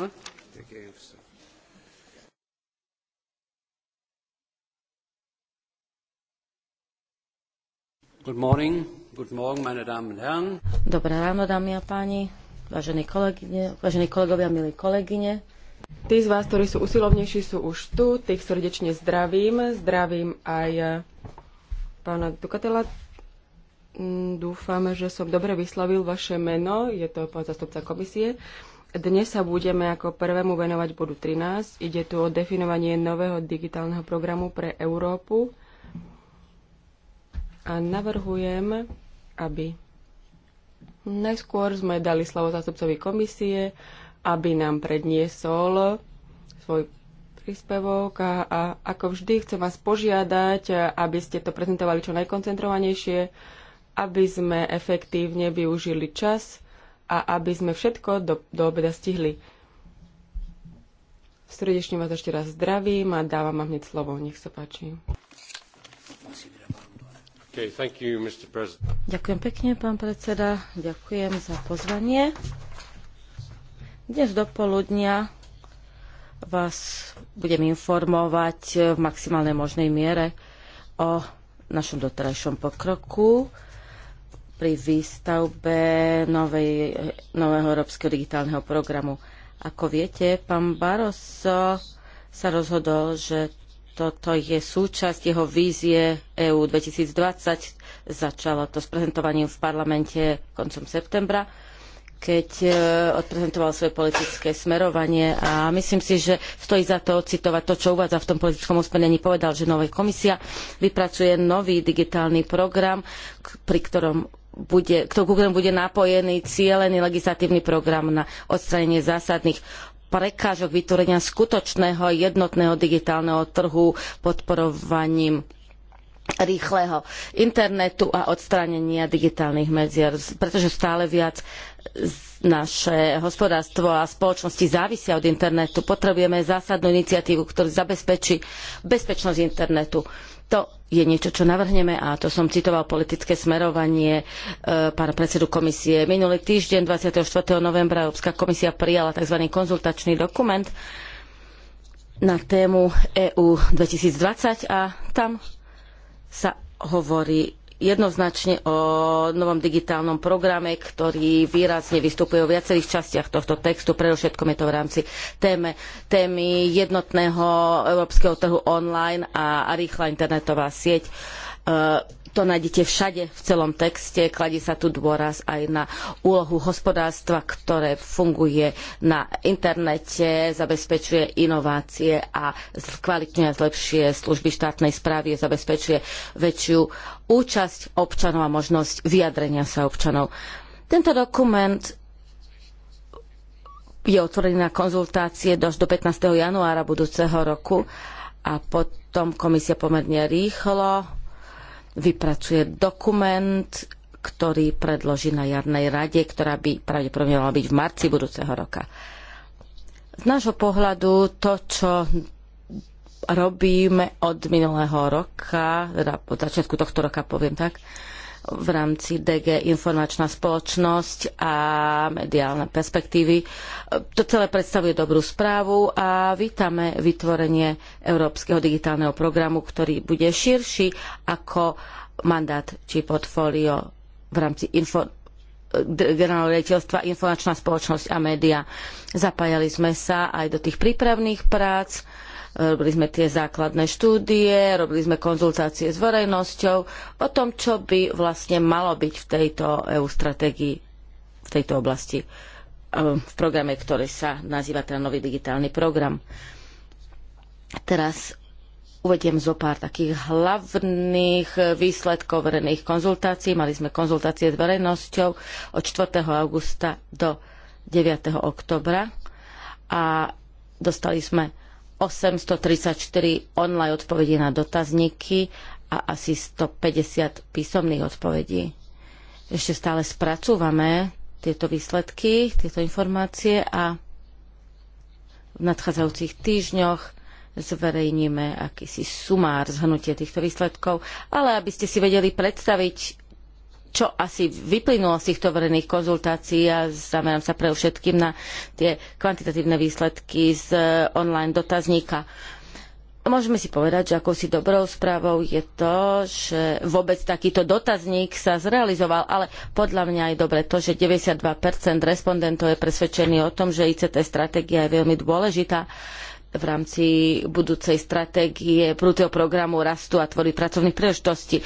Hm? Dobré ráno, dámy a páni, vážení, kolegyne, vážení kolegovia, milí kolegyne. Tí z vás, ktorí sú usilovnejší, sú už tu. Tých srdečne zdravím. Zdravím aj eh, pána Dukatela. Mm, Dúfam, že som dobre vyslovil vaše meno. Je to pán zastupca komisie. Dnes sa budeme ako prvému venovať bodu 13. Ide tu o definovanie nového digitálneho programu pre Európu. A navrhujem, aby najskôr sme dali slovo zástupcovi komisie, aby nám predniesol svoj príspevok a, a ako vždy chcem vás požiadať, aby ste to prezentovali čo najkoncentrovanejšie, aby sme efektívne využili čas, a aby sme všetko do, do obeda stihli. Srdečne vás ešte raz zdravím a dávam vám hneď slovo. Nech sa páči. Okay, you, Ďakujem pekne, pán predseda. Ďakujem za pozvanie. Dnes do poludnia vás budem informovať v maximálnej možnej miere o našom doterajšom pokroku pri výstavbe novej, nového európskeho digitálneho programu. Ako viete, pán Barroso sa rozhodol, že toto je súčasť jeho vízie EU 2020. Začalo to s prezentovaním v parlamente koncom septembra keď e, odprezentoval svoje politické smerovanie a myslím si, že stojí za to citovať to, čo uvádza v tom politickom usmernení. Povedal, že nová komisia vypracuje nový digitálny program, pri ktorom bude, kto, ktorému bude napojený cielený legislatívny program na odstránenie zásadných prekážok vytvorenia skutočného jednotného digitálneho trhu podporovaním rýchleho internetu a odstránenia digitálnych medzier, pretože stále viac naše hospodárstvo a spoločnosti závisia od internetu. Potrebujeme zásadnú iniciatívu, ktorá zabezpečí bezpečnosť internetu. To je niečo, čo navrhneme a to som citoval politické smerovanie e, pána predsedu komisie. Minulý týždeň 24. novembra Európska komisia prijala tzv. konzultačný dokument na tému EU 2020 a tam sa hovorí jednoznačne o novom digitálnom programe, ktorý výrazne vystupuje vo viacerých častiach tohto textu, predovšetkom je to v rámci téme, témy jednotného európskeho trhu online a, a rýchla internetová sieť. E, to nájdete všade v celom texte. Kladie sa tu dôraz aj na úlohu hospodárstva, ktoré funguje na internete, zabezpečuje inovácie a kvalitňuje a zlepšuje služby štátnej správy, zabezpečuje väčšiu účasť občanov a možnosť vyjadrenia sa občanov. Tento dokument je otvorený na konzultácie až do 15. januára budúceho roku a potom komisia pomerne rýchlo vypracuje dokument, ktorý predloží na jarnej rade, ktorá by pravdepodobne mala byť v marci budúceho roka. Z nášho pohľadu to, čo robíme od minulého roka, teda od začiatku tohto roka poviem tak, v rámci DG Informačná spoločnosť a mediálne perspektívy. To celé predstavuje dobrú správu a vítame vytvorenie Európskeho digitálneho programu, ktorý bude širší ako mandát či portfólio v rámci info, generálneho riaditeľstva Informačná spoločnosť a média. Zapájali sme sa aj do tých prípravných prác, e, robili sme tie základné štúdie, robili sme konzultácie s verejnosťou o tom, čo by vlastne malo byť v tejto EU strategii, v tejto oblasti, e, v programe, ktorý sa nazýva teda nový digitálny program. Teraz Uvediem zo pár takých hlavných výsledkov verejných konzultácií. Mali sme konzultácie s verejnosťou od 4. augusta do 9. oktobra a dostali sme 834 online odpovedí na dotazníky a asi 150 písomných odpovedí. Ešte stále spracúvame tieto výsledky, tieto informácie a v nadchádzajúcich týždňoch zverejníme akýsi sumár zhrnutie týchto výsledkov, ale aby ste si vedeli predstaviť, čo asi vyplynulo z týchto verejných konzultácií a zamerám sa pre všetkým na tie kvantitatívne výsledky z eh, online dotazníka. Môžeme si povedať, že akousi dobrou správou je to, že vôbec takýto dotazník sa zrealizoval, ale podľa mňa je dobre to, že 92% respondentov je presvedčený o tom, že ICT stratégia je veľmi dôležitá v rámci budúcej stratégie prúteho programu rastu a tvorí pracovných príležitostí. E,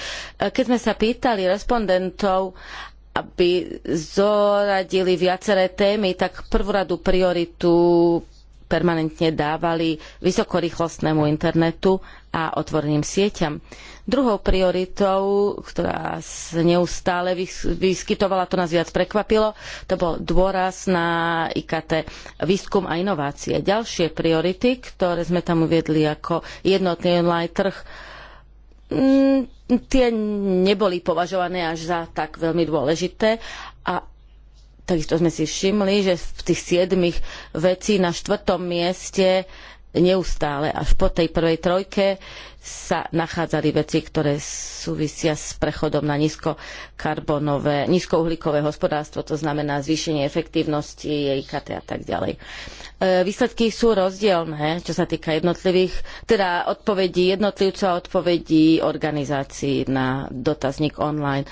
keď sme sa pýtali respondentov, aby zoradili viaceré témy, tak prvoradu prioritu permanentne dávali vysokorýchlostnému internetu a otvoreným sieťam. Uh, Druhou prioritou, ktorá sa neustále vyskytovala, to nás viac prekvapilo, to bol dôraz na IKT, výskum a inovácie. Ďalšie priority, ktoré sme tam uviedli ako jednotný online trh, mm, tie neboli považované až za tak veľmi dôležité a takisto sme si všimli, že v tých siedmých vecí na štvrtom mieste neustále. Až po tej prvej trojke sa nachádzali veci, ktoré súvisia s prechodom na nízkokarbonové, nízkouhlíkové hospodárstvo, to znamená zvýšenie efektívnosti, IKT a tak ďalej. E, výsledky sú rozdielne, čo sa týka jednotlivých, teda odpovedí jednotlivcov a odpovedí organizácií na dotazník online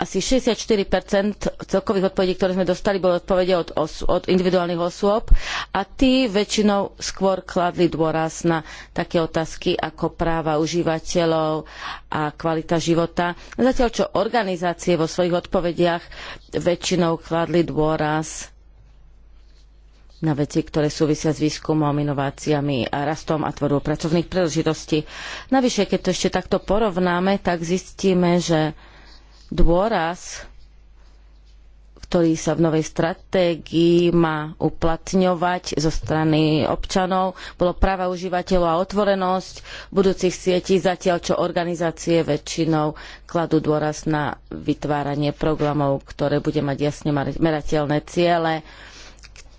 asi 64% celkových odpovedí, ktoré sme dostali, boli odpovede od, od, individuálnych osôb a tí väčšinou skôr kladli dôraz na také otázky ako práva užívateľov a kvalita života. Zatiaľ, čo organizácie vo svojich odpovediach väčšinou kladli dôraz na veci, ktoré súvisia s výskumom, inováciami a rastom a tvorbou pracovných príležitostí. Navyše, keď to ešte takto porovnáme, tak zistíme, že dôraz, ktorý sa v novej stratégii má uplatňovať zo strany občanov, bolo práva užívateľov a otvorenosť budúcich sietí, zatiaľ čo organizácie väčšinou kladú dôraz na vytváranie programov, ktoré bude mať jasne merateľné ciele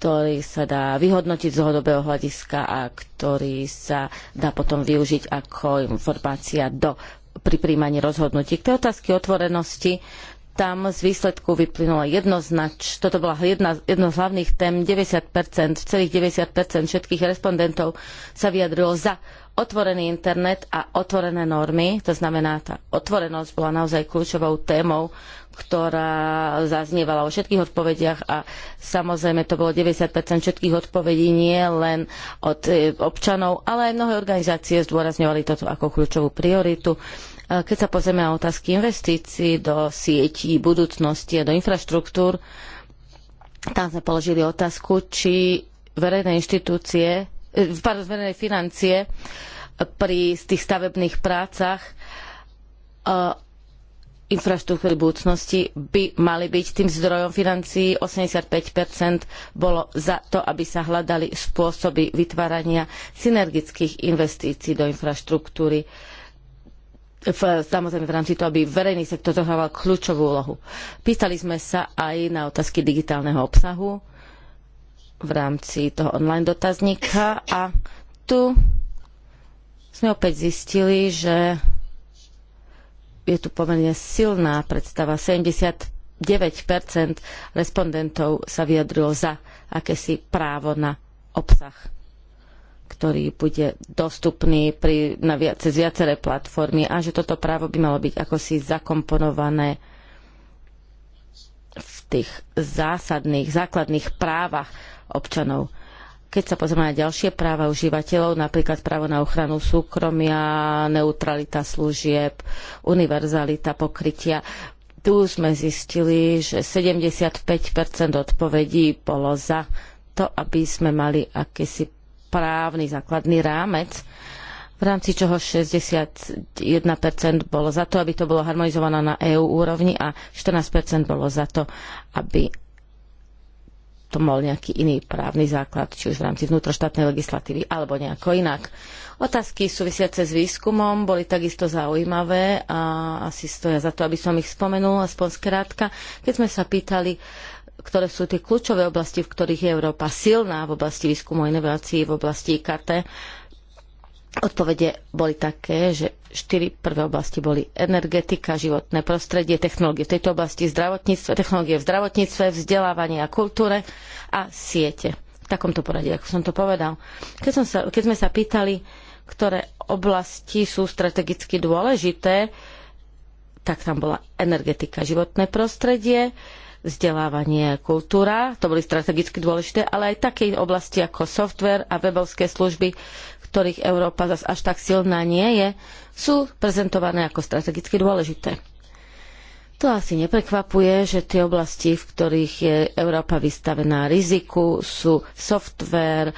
ktorý sa dá vyhodnotiť z dlhodobého hľadiska a ktorý sa dá potom využiť ako informácia do pri príjmaní rozhodnutí. K tej otázky otvorenosti tam z výsledku vyplynulo jednoznač, toto bola jedna, z hlavných tém, 90%, celých 90% všetkých respondentov sa vyjadrilo za otvorený internet a otvorené normy, to znamená, tá otvorenosť bola naozaj kľúčovou témou ktorá zaznievala o všetkých odpovediach a samozrejme to bolo 90% všetkých odpovedí nie len od e, občanov, ale aj mnohé organizácie zdôrazňovali toto ako kľúčovú prioritu. Keď sa pozrieme na otázky investícií do sietí, budúcnosti a do infraštruktúr, tam sme položili otázku, či verejné inštitúcie, e, pardon, verejné financie pri tých stavebných prácach e, infraštruktúry budúcnosti by mali byť tým zdrojom financií. 85 bolo za to, aby sa hľadali spôsoby vytvárania synergických investícií do infraštruktúry. V, samozrejme v rámci toho, aby verejný sektor zohrával kľúčovú úlohu. Pýtali sme sa aj na otázky digitálneho obsahu v rámci toho online dotazníka a tu sme opäť zistili, že je tu pomerne silná predstava. 79 respondentov sa vyjadrilo za akési právo na obsah, ktorý bude dostupný pri, na viac, cez viaceré platformy a že toto právo by malo byť ako si zakomponované v tých zásadných, základných právach občanov keď sa pozrieme na ďalšie práva užívateľov, napríklad právo na ochranu súkromia, neutralita služieb, univerzalita pokrytia, tu sme zistili, že 75 odpovedí bolo za to, aby sme mali akýsi právny základný rámec, v rámci čoho 61% bolo za to, aby to bolo harmonizované na EÚ úrovni a 14% bolo za to, aby to mal nejaký iný právny základ, či už v rámci vnútroštátnej legislatívy, alebo nejako inak. Otázky súvisiace s výskumom boli takisto zaujímavé a asi stoja za to, aby som ich spomenul, aspoň skrátka. Keď sme sa pýtali, ktoré sú tie kľúčové oblasti, v ktorých je Európa silná v oblasti výskumu, inovácií, v oblasti IKT, Odpovede boli také, že štyri prvé oblasti boli energetika, životné prostredie, technológie v tejto oblasti, zdravotníctve, technológie v zdravotníctve, vzdelávanie a kultúre a siete. V takomto poradí, ako som to povedal. Keď, som sa, keď sme sa pýtali, ktoré oblasti sú strategicky dôležité, tak tam bola energetika, životné prostredie, vzdelávanie, kultúra, to boli strategicky dôležité, ale aj také oblasti ako software a webovské služby, ktorých Európa zas až tak silná nie je, sú prezentované ako strategicky dôležité. To asi neprekvapuje, že tie oblasti, v ktorých je Európa vystavená riziku, sú software, e,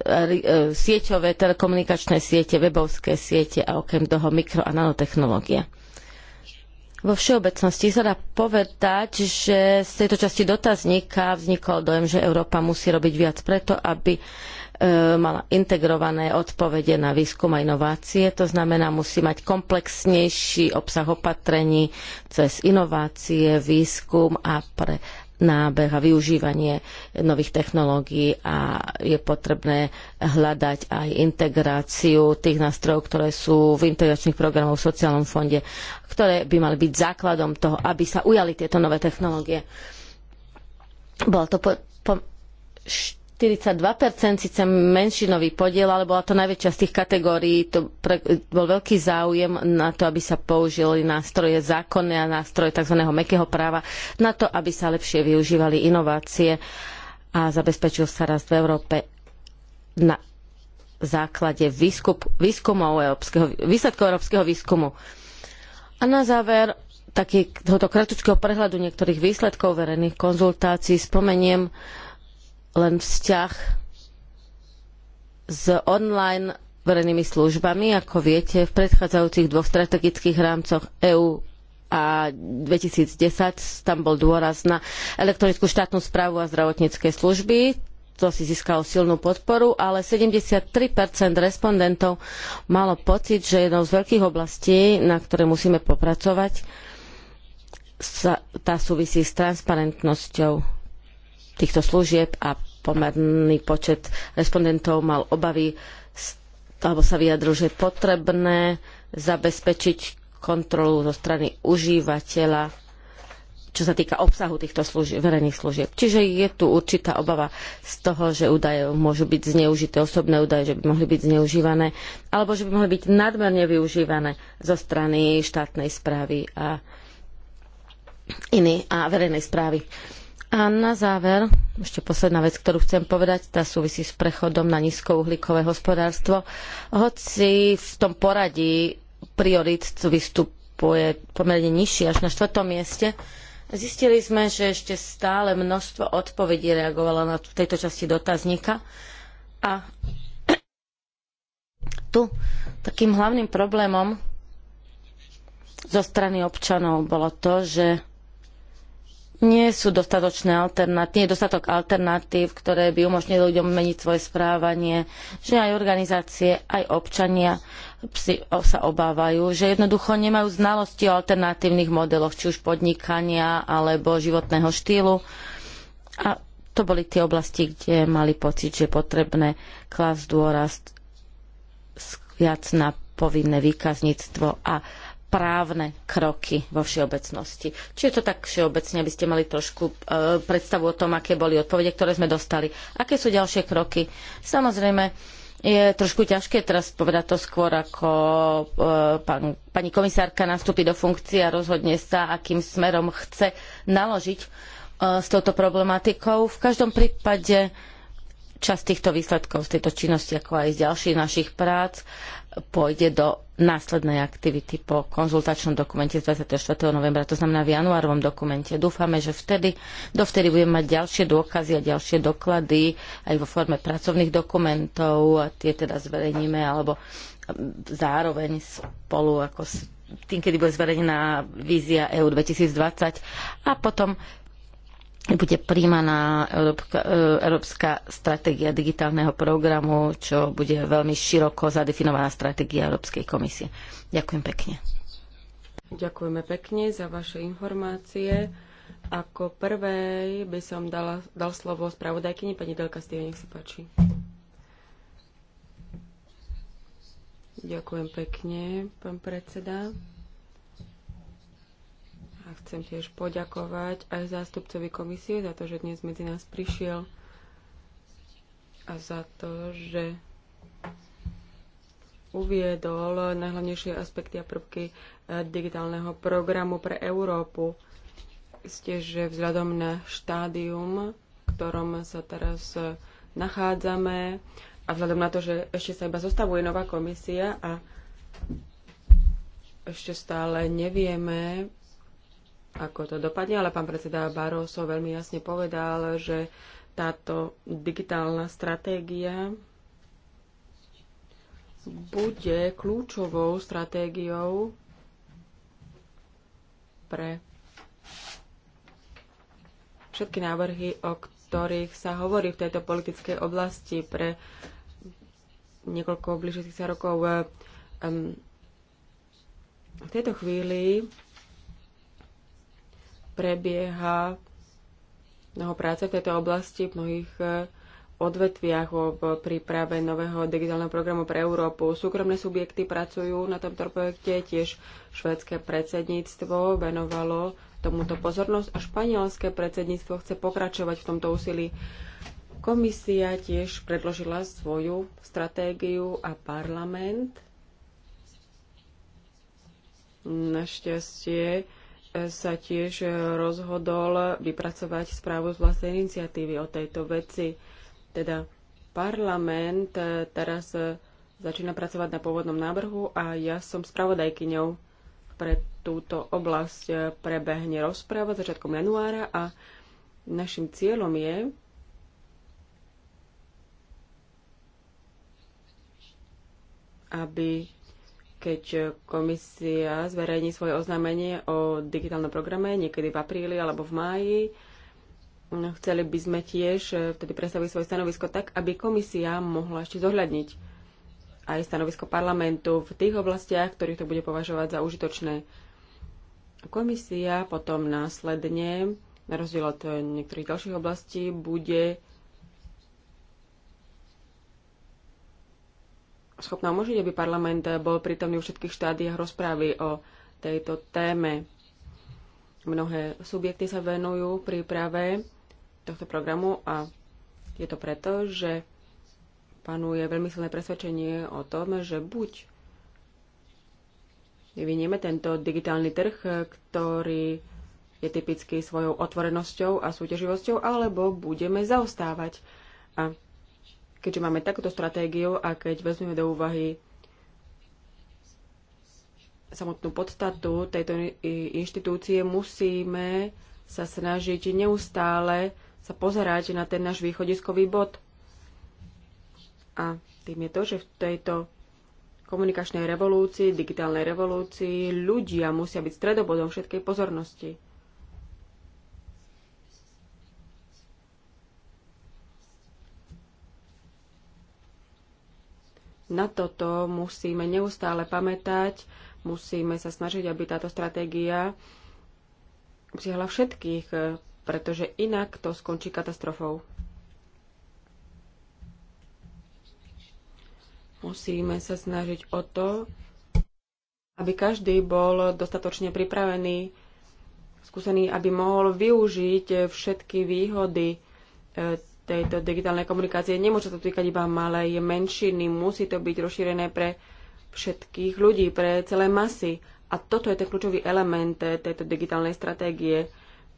e, sieťové, telekomunikačné siete, webovské siete a okrem toho mikro- a nanotechnológie. Vo všeobecnosti sa dá povedať, že z tejto časti dotazníka vznikol dojem, že Európa musí robiť viac preto, aby E, mala integrované odpovede na výskum a inovácie. To znamená, musí mať komplexnejší obsah opatrení cez inovácie, výskum a pre nábeh a využívanie nových technológií a je potrebné hľadať aj integráciu tých nástrojov, ktoré sú v integračných programoch v sociálnom fonde, ktoré by mali byť základom toho, aby sa ujali tieto nové technológie. Bolo to po, po 42% síce menšinový podiel, ale bola to najväčšia z tých kategórií. To pre, bol veľký záujem na to, aby sa použili nástroje zákonné a nástroje tzv. mekého práva, na to, aby sa lepšie využívali inovácie a zabezpečil sa rast v Európe na základe výskup, výskumov európskeho, výsledkov európskeho výskumu. A na záver takého kratučkého prehľadu niektorých výsledkov verejných konzultácií spomeniem len vzťah s online verejnými službami. Ako viete, v predchádzajúcich dvoch strategických rámcoch EÚ a 2010 tam bol dôraz na elektronickú štátnu správu a zdravotnícke služby. To si získalo silnú podporu, ale 73 respondentov malo pocit, že jednou z veľkých oblastí, na ktoré musíme popracovať, sa, tá súvisí s transparentnosťou týchto služieb a pomerný počet respondentov mal obavy alebo sa vyjadril, že je potrebné zabezpečiť kontrolu zo strany užívateľa, čo sa týka obsahu týchto služieb, verejných služieb. Čiže je tu určitá obava z toho, že údaje môžu byť zneužité, osobné údaje, že by mohli byť zneužívané, alebo že by mohli byť nadmerne využívané zo strany štátnej správy a iný a verejnej správy. A na záver, ešte posledná vec, ktorú chcem povedať, tá súvisí s prechodom na nízkouhlíkové hospodárstvo. Hoci v tom poradí priorit vystupuje pomerne nižšie, až na štvrtom mieste, zistili sme, že ešte stále množstvo odpovedí reagovalo na tejto časti dotazníka. A tu takým hlavným problémom zo strany občanov bolo to, že nie sú dostatočné alternatívy, nie je dostatok alternatív, ktoré by umožnili ľuďom meniť svoje správanie, že aj organizácie, aj občania si, sa obávajú, že jednoducho nemajú znalosti o alternatívnych modeloch, či už podnikania alebo životného štýlu. A to boli tie oblasti, kde mali pocit, že je potrebné klásť dôraz viac na povinné výkazníctvo a právne kroky vo všeobecnosti. Či je to tak všeobecne, aby ste mali trošku e, predstavu o tom, aké boli odpovede, ktoré sme dostali. Aké sú ďalšie kroky? Samozrejme, je trošku ťažké teraz povedať to skôr, ako e, pán, pani komisárka nastúpi do funkcie a rozhodne sa, akým smerom chce naložiť e, s touto problematikou. V každom prípade časť týchto výsledkov z tejto činnosti, ako aj z ďalších našich prác, pôjde do následnej aktivity po konzultačnom dokumente z 24. novembra, to znamená v januárovom dokumente. Dúfame, že vtedy, dovtedy budeme mať ďalšie dôkazy a ďalšie doklady aj vo forme pracovných dokumentov a tie teda zverejníme alebo zároveň spolu ako s tým, kedy bude zverejnená vízia EU 2020 a potom bude príjmaná Európska, e, Európska stratégia digitálneho programu, čo bude veľmi široko zadefinovaná stratégia Európskej komisie. Ďakujem pekne. Ďakujeme pekne za vaše informácie. Ako prvej by som dala, dal slovo spravodajkyni pani Delka Steven, nech sa páči. Ďakujem pekne, pán predseda chcem tiež poďakovať aj zástupcovi komisie za to, že dnes medzi nás prišiel a za to, že uviedol najhlavnejšie aspekty a prvky eh, digitálneho programu pre Európu. Ste, že vzhľadom na štádium, v ktorom sa teraz eh, nachádzame a vzhľadom na to, že ešte sa iba zostavuje nová komisia a ešte stále nevieme, ako to dopadne, ale pán predseda Barroso veľmi jasne povedal, že táto digitálna stratégia bude kľúčovou stratégiou pre všetky návrhy, o ktorých sa hovorí v tejto politickej oblasti pre niekoľko bližších sa rokov. Ehm, v tejto chvíli prebieha mnoho práce v tejto oblasti, v mnohých e, odvetviach v príprave nového digitálneho programu pre Európu. Súkromné subjekty pracujú na tomto projekte, tiež švédske predsedníctvo venovalo tomuto pozornosť a španielské predsedníctvo chce pokračovať v tomto úsilí. Komisia tiež predložila svoju stratégiu a parlament našťastie sa tiež e, rozhodol vypracovať správu z vlastnej iniciatívy o tejto veci. Teda parlament e, teraz e, začína pracovať na pôvodnom návrhu a ja som spravodajkyňou pre túto oblasť. Prebehne rozpráva začiatkom januára a našim cieľom je aby keď komisia zverejní svoje oznámenie o digitálnom programe niekedy v apríli alebo v máji. No, chceli by sme tiež eh, vtedy predstaviť svoje stanovisko tak, aby komisia mohla ešte zohľadniť aj stanovisko parlamentu v tých oblastiach, ktorých to bude považovať za užitočné. Komisia potom následne, na rozdiel od eh, niektorých ďalších oblastí, bude schopná umožniť, aby parlament bol prítomný v všetkých štádiách rozprávy o tejto téme. Mnohé subjekty sa venujú príprave tohto programu a je to preto, že panuje veľmi silné presvedčenie o tom, že buď vyvinieme tento digitálny trh, ktorý je typický svojou otvorenosťou a súťaživosťou, alebo budeme zaostávať. A Keďže máme takúto stratégiu a keď vezmeme do úvahy samotnú podstatu tejto inštitúcie, musíme sa snažiť neustále sa pozerať na ten náš východiskový bod. A tým je to, že v tejto komunikačnej revolúcii, digitálnej revolúcii ľudia musia byť stredobodom všetkej pozornosti. Na toto musíme neustále pamätať, musíme sa snažiť, aby táto stratégia obsiahla všetkých, e, pretože inak to skončí katastrofou. Musíme sa snažiť o to, aby každý bol dostatočne pripravený, skúsený, aby mohol využiť všetky výhody e, tejto digitálnej komunikácie. Nemôže to týkať iba malej menšiny, musí to byť rozšírené pre všetkých ľudí, pre celé masy. A toto je ten kľúčový element eh, tejto digitálnej stratégie.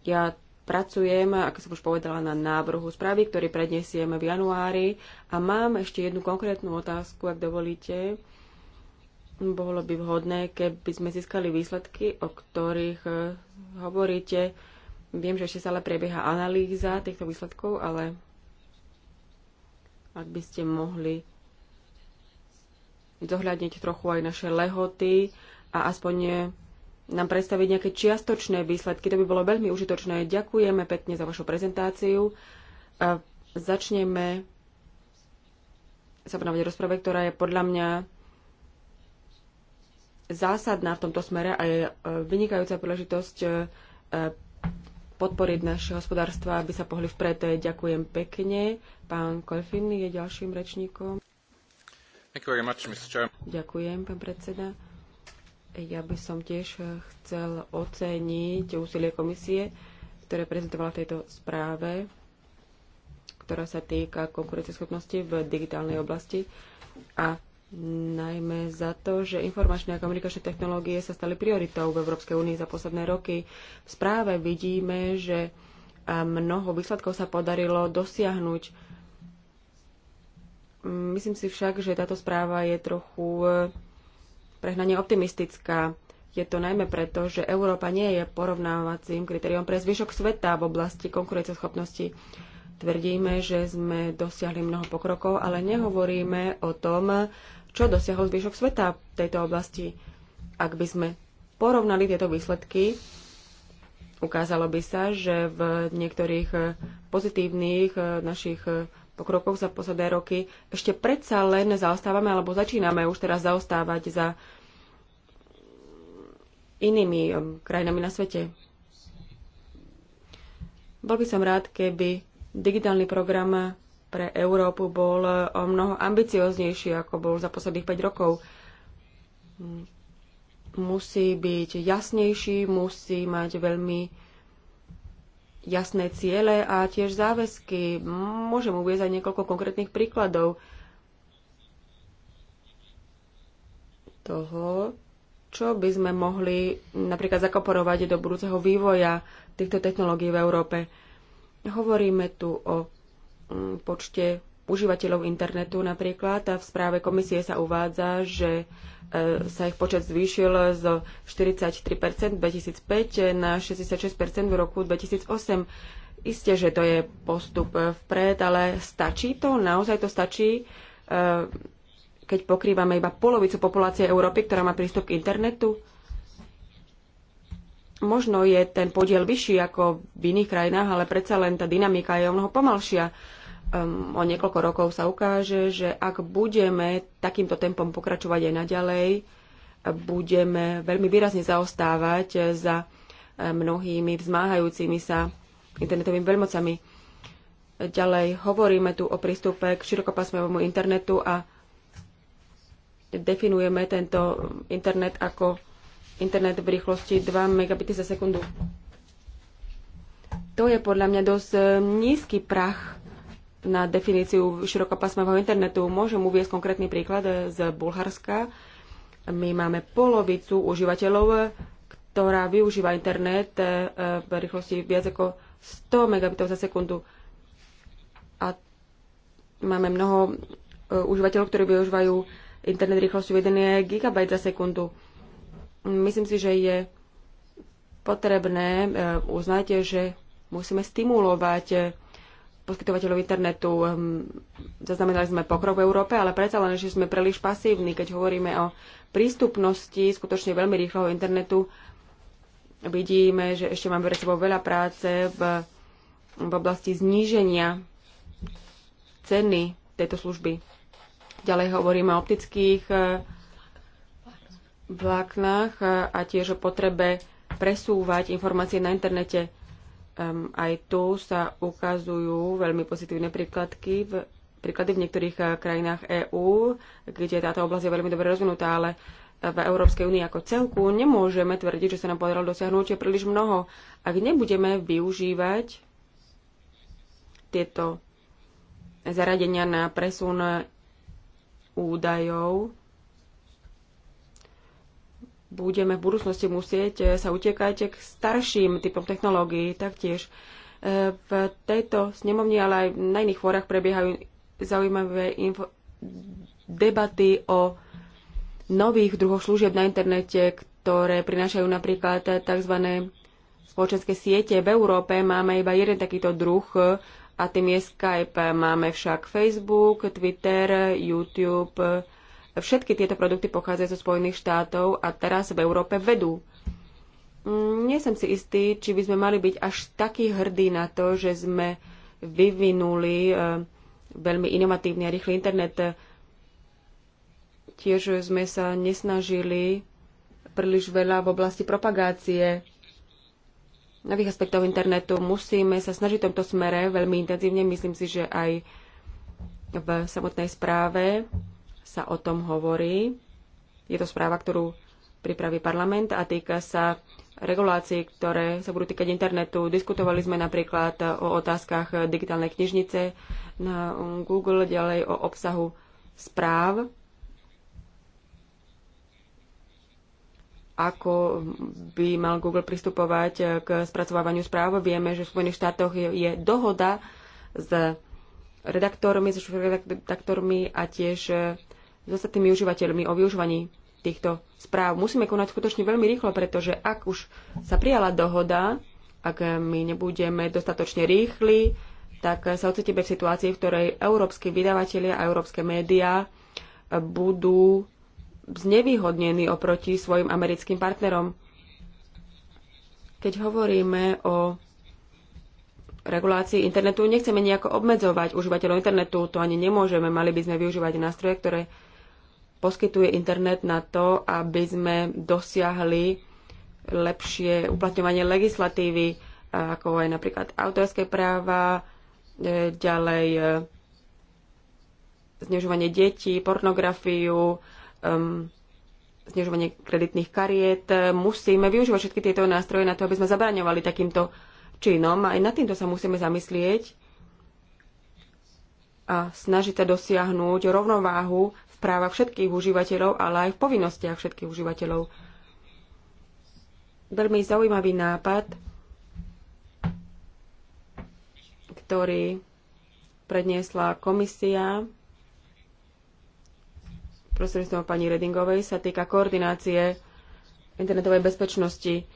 Ja pracujem, eh, ako som už povedala, na návrhu správy, ktorý predniesiem v januári. A mám ešte jednu konkrétnu otázku, ak dovolíte. Bolo by vhodné, keby sme získali výsledky, o ktorých eh, hovoríte. Viem, že ešte stále prebieha analýza týchto výsledkov, ale ak by ste mohli zohľadniť trochu aj naše lehoty a aspoň nám predstaviť nejaké čiastočné výsledky. To by bolo veľmi užitočné. Ďakujeme pekne za vašu prezentáciu. A začneme sa ponávať rozprave, ktorá je podľa mňa zásadná v tomto smere a je e, vynikajúca príležitosť e, podporiť naše hospodárstva, aby sa pohli vpred. Ďakujem pekne. Pán Kolfin je ďalším rečníkom. Much, Ďakujem, pán predseda. Ja by som tiež chcel oceniť úsilie komisie, ktoré prezentovala v tejto správe, ktorá sa týka konkurenceschopnosti v digitálnej oblasti a najmä za to, že informačné a komunikačné technológie sa stali prioritou v Európskej únii za posledné roky. V správe vidíme, že mnoho výsledkov sa podarilo dosiahnuť. Myslím si však, že táto správa je trochu e, prehnane optimistická. Je to najmä preto, že Európa nie je porovnávacím kritériom pre zvyšok sveta v oblasti konkurenceschopnosti. Tvrdíme, že sme dosiahli mnoho pokrokov, ale nehovoríme o tom, čo dosiahol zvyšok sveta v tejto oblasti. Ak by sme porovnali tieto výsledky, ukázalo by sa, že v niektorých eh, pozitívnych eh, našich eh, pokrokoch za posledné roky ešte predsa len zaostávame alebo začíname už teraz zaostávať za inými krajinami na svete. Bol by som rád, keby digitálny program pre Európu bol eh, o mnoho ambicioznejší, ako bol za posledných 5 rokov. Musí byť jasnejší, musí mať veľmi jasné ciele a tiež záväzky. Môžem uvieť aj niekoľko konkrétnych príkladov toho, čo by sme mohli napríklad zakoporovať do budúceho vývoja týchto technológií v Európe. Hovoríme tu o Mm, počte užívateľov internetu napríklad. A v správe komisie sa uvádza, že e, sa ich počet zvýšil z 43% v 2005 na 66% v roku 2008. Isté, že to je postup vpred, ale stačí to? Naozaj to stačí, e, keď pokrývame iba polovicu populácie Európy, ktorá má prístup k internetu? Možno je ten podiel vyšší ako v iných krajinách, ale predsa len tá dynamika je o mnoho pomalšia um, o niekoľko rokov sa ukáže, že ak budeme takýmto tempom pokračovať aj naďalej, budeme veľmi výrazne zaostávať za eh, mnohými vzmáhajúcimi sa internetovými veľmocami. Ďalej hovoríme tu o prístupe k širokopásmovému internetu a definujeme tento internet ako internet v rýchlosti 2 megabity za sekundu. To je podľa mňa dosť eh, nízky prach na definíciu širokopásmového internetu. Môžem uviesť konkrétny príklad z Bulharska. My máme polovicu užívateľov, ktorá využíva internet e, v rýchlosti viac ako 100 megabitov za sekundu. A máme mnoho e, užívateľov, ktorí využívajú internet rýchlosťou 1 gigabajt za sekundu. Myslím si, že je potrebné e, uznať, že musíme stimulovať poskytovateľov internetu. Um, zaznamenali sme pokrok v Európe, ale predsa len, že sme príliš pasívni, keď hovoríme o prístupnosti skutočne veľmi rýchleho internetu. Vidíme, že ešte máme pred sebou veľa práce v, v oblasti zníženia ceny tejto služby. Ďalej hovoríme o optických eh, vláknách eh, a tiež o potrebe presúvať informácie na internete Um, aj tu sa ukazujú veľmi pozitívne príkladky v, príklady v niektorých eh, krajinách EÚ, kde táto oblasť je veľmi dobre rozvinutá, ale v Európskej únii ako celku nemôžeme tvrdiť, že sa nám podarilo dosiahnuť príliš mnoho. Ak nebudeme využívať tieto zaradenia na presun údajov, budeme v budúcnosti musieť eh, sa utiekať k starším typom technológií taktiež. Eh, v tejto snemovni, ale aj na iných fórach prebiehajú zaujímavé info- debaty o nových druhoch služieb na internete, ktoré prinášajú napríklad tzv. spoločenské siete. V Európe máme iba jeden takýto druh eh, a tým je Skype. Máme však Facebook, Twitter, YouTube, Všetky tieto produkty pochádzajú zo Spojených štátov a teraz v Európe vedú. Nie som si istý, či by sme mali byť až takí hrdí na to, že sme vyvinuli e, veľmi inovatívny a rýchly internet. Tiež sme sa nesnažili príliš veľa v oblasti propagácie nových aspektov internetu. Musíme sa snažiť v tomto smere veľmi intenzívne. Myslím si, že aj v samotnej správe sa o tom hovorí. Je to správa, ktorú pripraví parlament a týka sa regulácií, ktoré sa budú týkať internetu. Diskutovali sme napríklad o otázkach digitálnej knižnice na Google, ďalej o obsahu správ, ako by mal Google pristupovať k spracovávaniu správ. Vieme, že v Spojených štátoch je, dohoda s redaktormi, s redaktormi a tiež s ostatnými užívateľmi o využívaní týchto správ. Musíme konať skutočne veľmi rýchlo, pretože ak už sa prijala dohoda, ak my nebudeme dostatočne rýchli, tak sa ocitíme v situácii, v ktorej európsky vydavatelia a európske médiá budú znevýhodnení oproti svojim americkým partnerom. Keď hovoríme o regulácii internetu, nechceme nejako obmedzovať užívateľov internetu, to ani nemôžeme, mali by sme využívať nástroje, ktoré poskytuje internet na to, aby sme dosiahli lepšie uplatňovanie legislatívy, ako aj napríklad autorské práva, e, ďalej e, znižovanie detí, pornografiu, um, znižovanie kreditných kariet. Musíme využívať všetky tieto nástroje na to, aby sme zabraňovali takýmto činom. A aj nad týmto sa musíme zamyslieť a snažiť sa dosiahnuť rovnováhu práva všetkých užívateľov, ale aj v povinnostiach všetkých užívateľov. Veľmi zaujímavý nápad, ktorý predniesla komisia prostredníctvom pani Redingovej sa týka koordinácie internetovej bezpečnosti.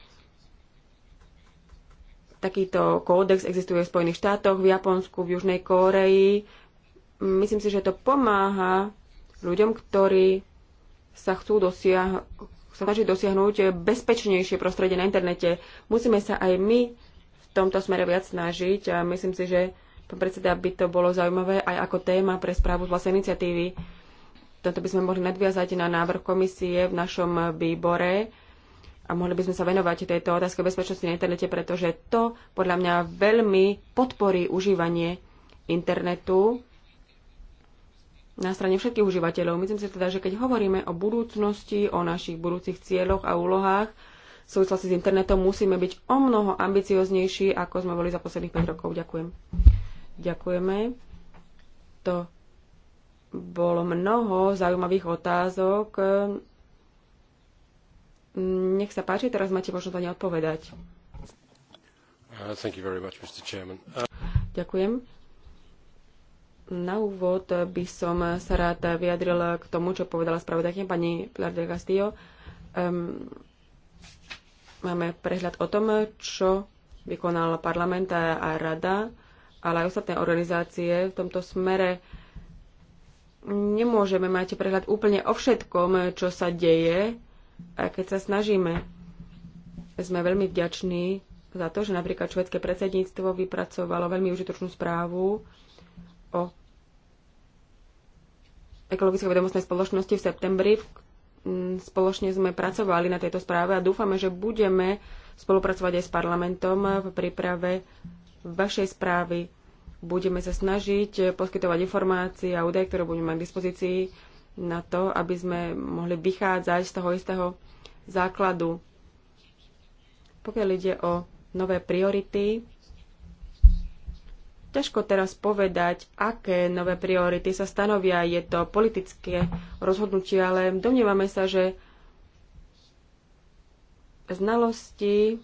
Takýto kódex existuje v Spojených štátoch, v Japonsku, v Južnej Kóreji. Myslím si, že to pomáha ľuďom, ktorí sa chcú dosiah- sa snažiť dosiahnuť bezpečnejšie prostredie na internete. Musíme sa aj my v tomto smere viac snažiť a myslím si, že pán predseda by to bolo zaujímavé aj ako téma pre správu z vlastnej iniciatívy. Toto by sme mohli nadviazať na návrh komisie v našom výbore a mohli by sme sa venovať tejto otázke bezpečnosti na internete, pretože to podľa mňa veľmi podporí užívanie internetu na strane všetkých užívateľov. Myslím si teda, že keď hovoríme o budúcnosti, o našich budúcich cieľoch a úlohách v súvislosti s internetom, musíme byť o mnoho ambicioznejší, ako sme boli za posledných 5 rokov. Ďakujem. Ďakujeme. To bolo mnoho zaujímavých otázok. Nech sa páči, teraz máte možnosť na odpovedať. Uh, much, uh... Ďakujem. Na úvod by som sa rád vyjadrila k tomu, čo povedala spravodajkyňa pani Pilar de Castillo. Um, máme prehľad o tom, čo vykonal parlament a, a rada, ale aj ostatné organizácie v tomto smere. Nemôžeme mať prehľad úplne o všetkom, čo sa deje, a keď sa snažíme. Sme veľmi vďační za to, že napríklad švedské predsedníctvo vypracovalo veľmi užitočnú správu o ekologické vedomostnej spoločnosti v septembri. Spoločne sme pracovali na tejto správe a dúfame, že budeme spolupracovať aj s parlamentom v príprave vašej správy. Budeme sa snažiť poskytovať informácie a údaje, ktoré budeme mať k dispozícii na to, aby sme mohli vychádzať z toho istého základu. Pokiaľ ide o nové priority, Ťažko teraz povedať, aké nové priority sa stanovia. Je to politické rozhodnutie, ale domnievame sa, že znalosti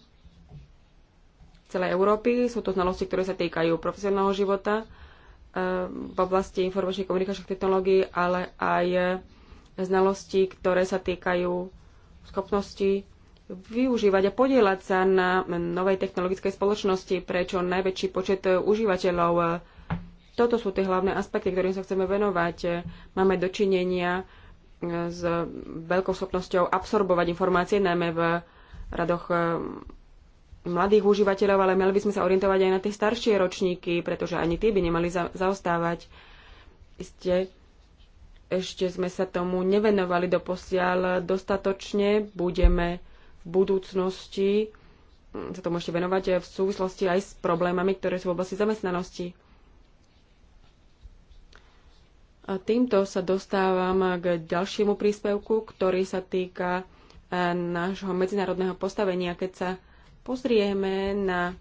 celej Európy, sú to znalosti, ktoré sa týkajú profesionálneho života eh, v oblasti informačných komunikačných technológií, ale aj znalosti, ktoré sa týkajú schopnosti využívať a podielať sa na novej technologickej spoločnosti pre čo najväčší počet e, užívateľov. Toto sú tie hlavné aspekty, ktorým sa chceme venovať. Máme dočinenia e, s veľkou schopnosťou absorbovať informácie, najmä v radoch e, mladých užívateľov, ale mali by sme sa orientovať aj na tie staršie ročníky, pretože ani tie by nemali za- zaostávať. Ste, ešte sme sa tomu nevenovali doposiaľ dostatočne. Budeme budúcnosti hm, sa to môžete venovať v súvislosti aj s problémami, ktoré sú v oblasti zamestnanosti. A týmto sa dostávam k ďalšiemu príspevku, ktorý sa týka e, nášho medzinárodného postavenia. Keď sa pozrieme na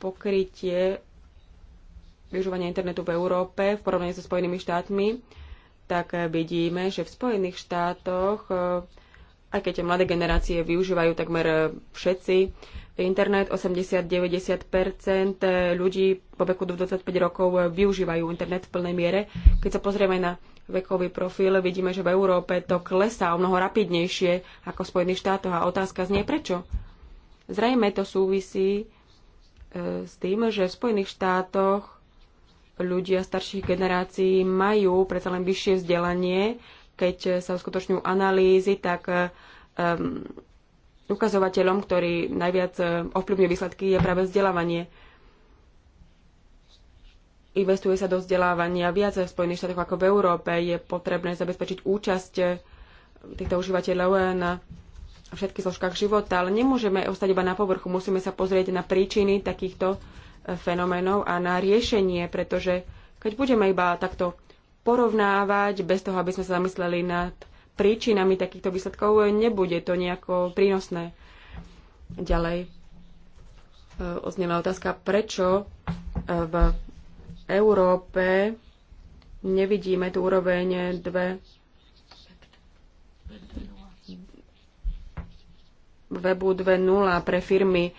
pokrytie využívania internetu v Európe v porovnaní so Spojenými štátmi, tak vidíme, že v Spojených štátoch e, aj keď tie mladé generácie využívajú takmer e, všetci internet, 80-90% e, ľudí po veku do 25 rokov e, využívajú internet v plnej miere. Keď sa pozrieme na vekový profil, vidíme, že v Európe to klesá o mnoho rapidnejšie ako v Spojených štátoch a otázka znie prečo. Zrejme to súvisí s tým, že v Spojených štátoch ľudia starších generácií majú predsa len vyššie vzdelanie keď sa uskutočňujú analýzy, tak um, ukazovateľom, ktorý najviac eh, ovplyvňuje výsledky, je práve vzdelávanie. Investuje sa do vzdelávania viac v Spojených štátoch ako v Európe. Je potrebné zabezpečiť účasť eh, týchto užívateľov na všetkých zložkách života, ale nemôžeme ostať iba na povrchu. Musíme sa pozrieť na príčiny takýchto fenoménov a na riešenie, pretože keď budeme iba takto porovnávať bez toho, aby sme sa zamysleli nad príčinami takýchto výsledkov, nebude to nejako prínosné. Ďalej e, oznela otázka, prečo e, v Európe nevidíme tú úroveň 2 webu 2.0 pre firmy,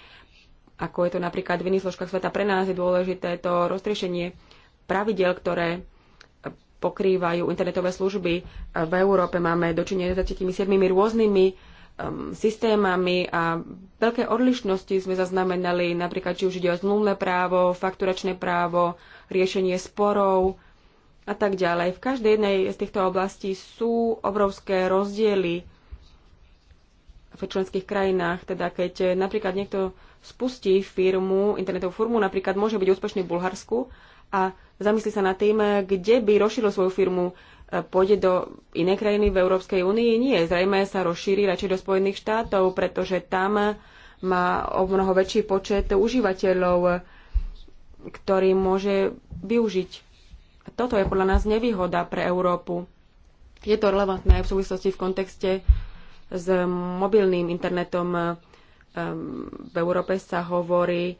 ako je to napríklad v iných zložkách sveta. Pre nás je dôležité to roztriešenie pravidel, ktoré pokrývajú internetové služby. V Európe máme dočinenie s 27 rôznymi um, systémami a veľké odlišnosti sme zaznamenali, napríklad či už ide o zmluvné právo, fakturačné právo, riešenie sporov a tak ďalej. V každej jednej z týchto oblastí sú obrovské rozdiely v členských krajinách. Teda keď eh, napríklad niekto spustí firmu, internetovú firmu, napríklad môže byť úspešný v Bulharsku, a zamyslí sa nad tým, kde by rozšíril svoju firmu. E, pôjde do inej krajiny v Európskej únii? Nie, zrejme sa rozšíri radšej do Spojených štátov, pretože tam má o mnoho väčší počet užívateľov, ktorý môže využiť. Toto je podľa nás nevýhoda pre Európu. Je to relevantné aj v súvislosti v kontexte s mobilným internetom. E, v Európe sa hovorí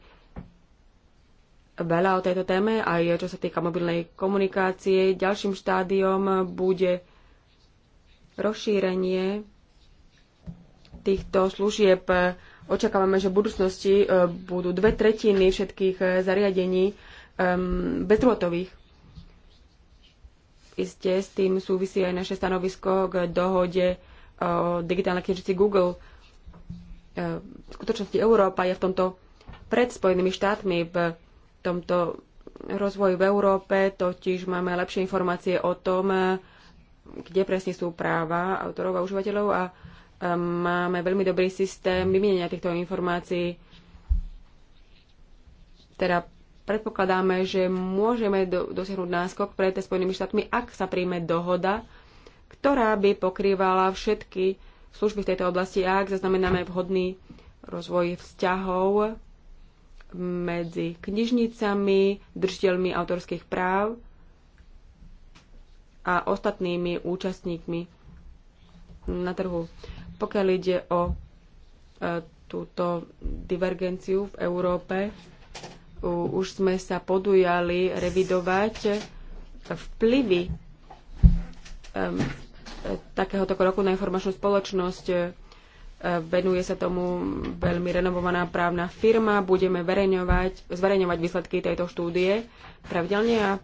veľa o tejto téme, aj čo sa týka mobilnej komunikácie. Ďalším štádiom bude rozšírenie týchto služieb. Očakávame, že v budúcnosti e, budú dve tretiny všetkých e, zariadení bezdrôtových. Isté s tým súvisí aj naše stanovisko k dohode e, o digitálnej knižnici Google. V skutočnosti Európa je v tomto pred Spojenými štátmi v tomto rozvoji v Európe, totiž máme lepšie informácie o tom, e, kde presne sú práva autorov a užívateľov a e, máme veľmi dobrý systém vymienenia týchto informácií. Teda predpokladáme, že môžeme do, dosiahnuť náskok pred Spojenými štátmi, ak sa príjme dohoda, ktorá by pokrývala všetky služby v tejto oblasti a ak zaznamenáme vhodný rozvoj vzťahov medzi knižnicami, držiteľmi autorských práv a ostatnými účastníkmi na trhu. Pokiaľ ide o e, túto divergenciu v Európe, už sme sa podujali revidovať vplyvy e, e, takéhoto kroku na informačnú spoločnosť Venuje sa tomu veľmi renovovaná právna firma. Budeme verejňovať, zverejňovať výsledky tejto štúdie pravidelne a e,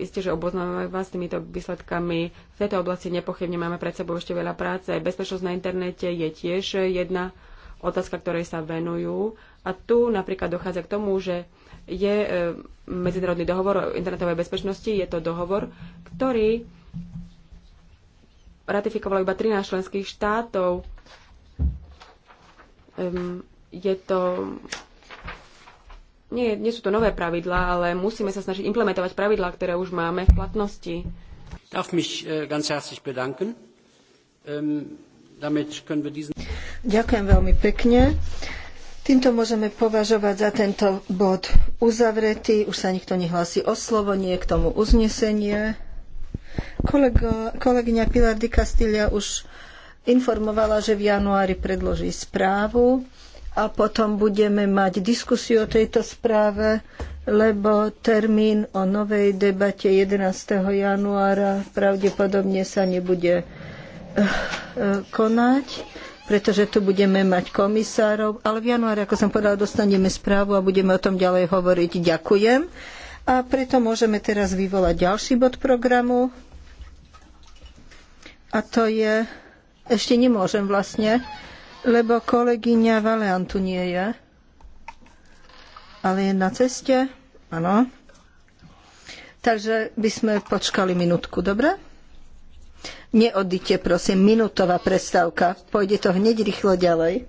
isté, že oboznáme vás s týmito výsledkami. V tejto oblasti nepochybne máme pred sebou ešte veľa práce. Bezpečnosť na internete je tiež jedna otázka, ktorej sa venujú. A tu napríklad dochádza k tomu, že je e, medzinárodný dohovor o internetovej bezpečnosti. Je to dohovor, ktorý ratifikovalo iba 13 členských štátov Um, je to... Nie, nie sú to nové pravidlá, ale musíme sa snažiť implementovať pravidlá, ktoré už máme v platnosti. Darf mich äh, ganz herzlich bedanken. Um, damit können wir diesen... Ďakujem veľmi pekne. Týmto môžeme považovať za tento bod uzavretý. Už sa nikto nehlási o slovo, nie je k tomu uznesenie. Kolego, kolegyňa Pilar de Castilla už informovala, že v januári predloží správu a potom budeme mať diskusiu o tejto správe, lebo termín o novej debate 11. januára pravdepodobne sa nebude eh, eh, konať, pretože tu budeme mať komisárov, ale v januári, ako som povedala, dostaneme správu a budeme o tom ďalej hovoriť. Ďakujem. A preto môžeme teraz vyvolať ďalší bod programu. A to je ešte nemôžem vlastne, lebo kolegyňa Valean tu nie je. Ale je na ceste, áno. Takže by sme počkali minútku, dobre? Neodíte, prosím, minútová prestávka. Pôjde to hneď rýchlo ďalej.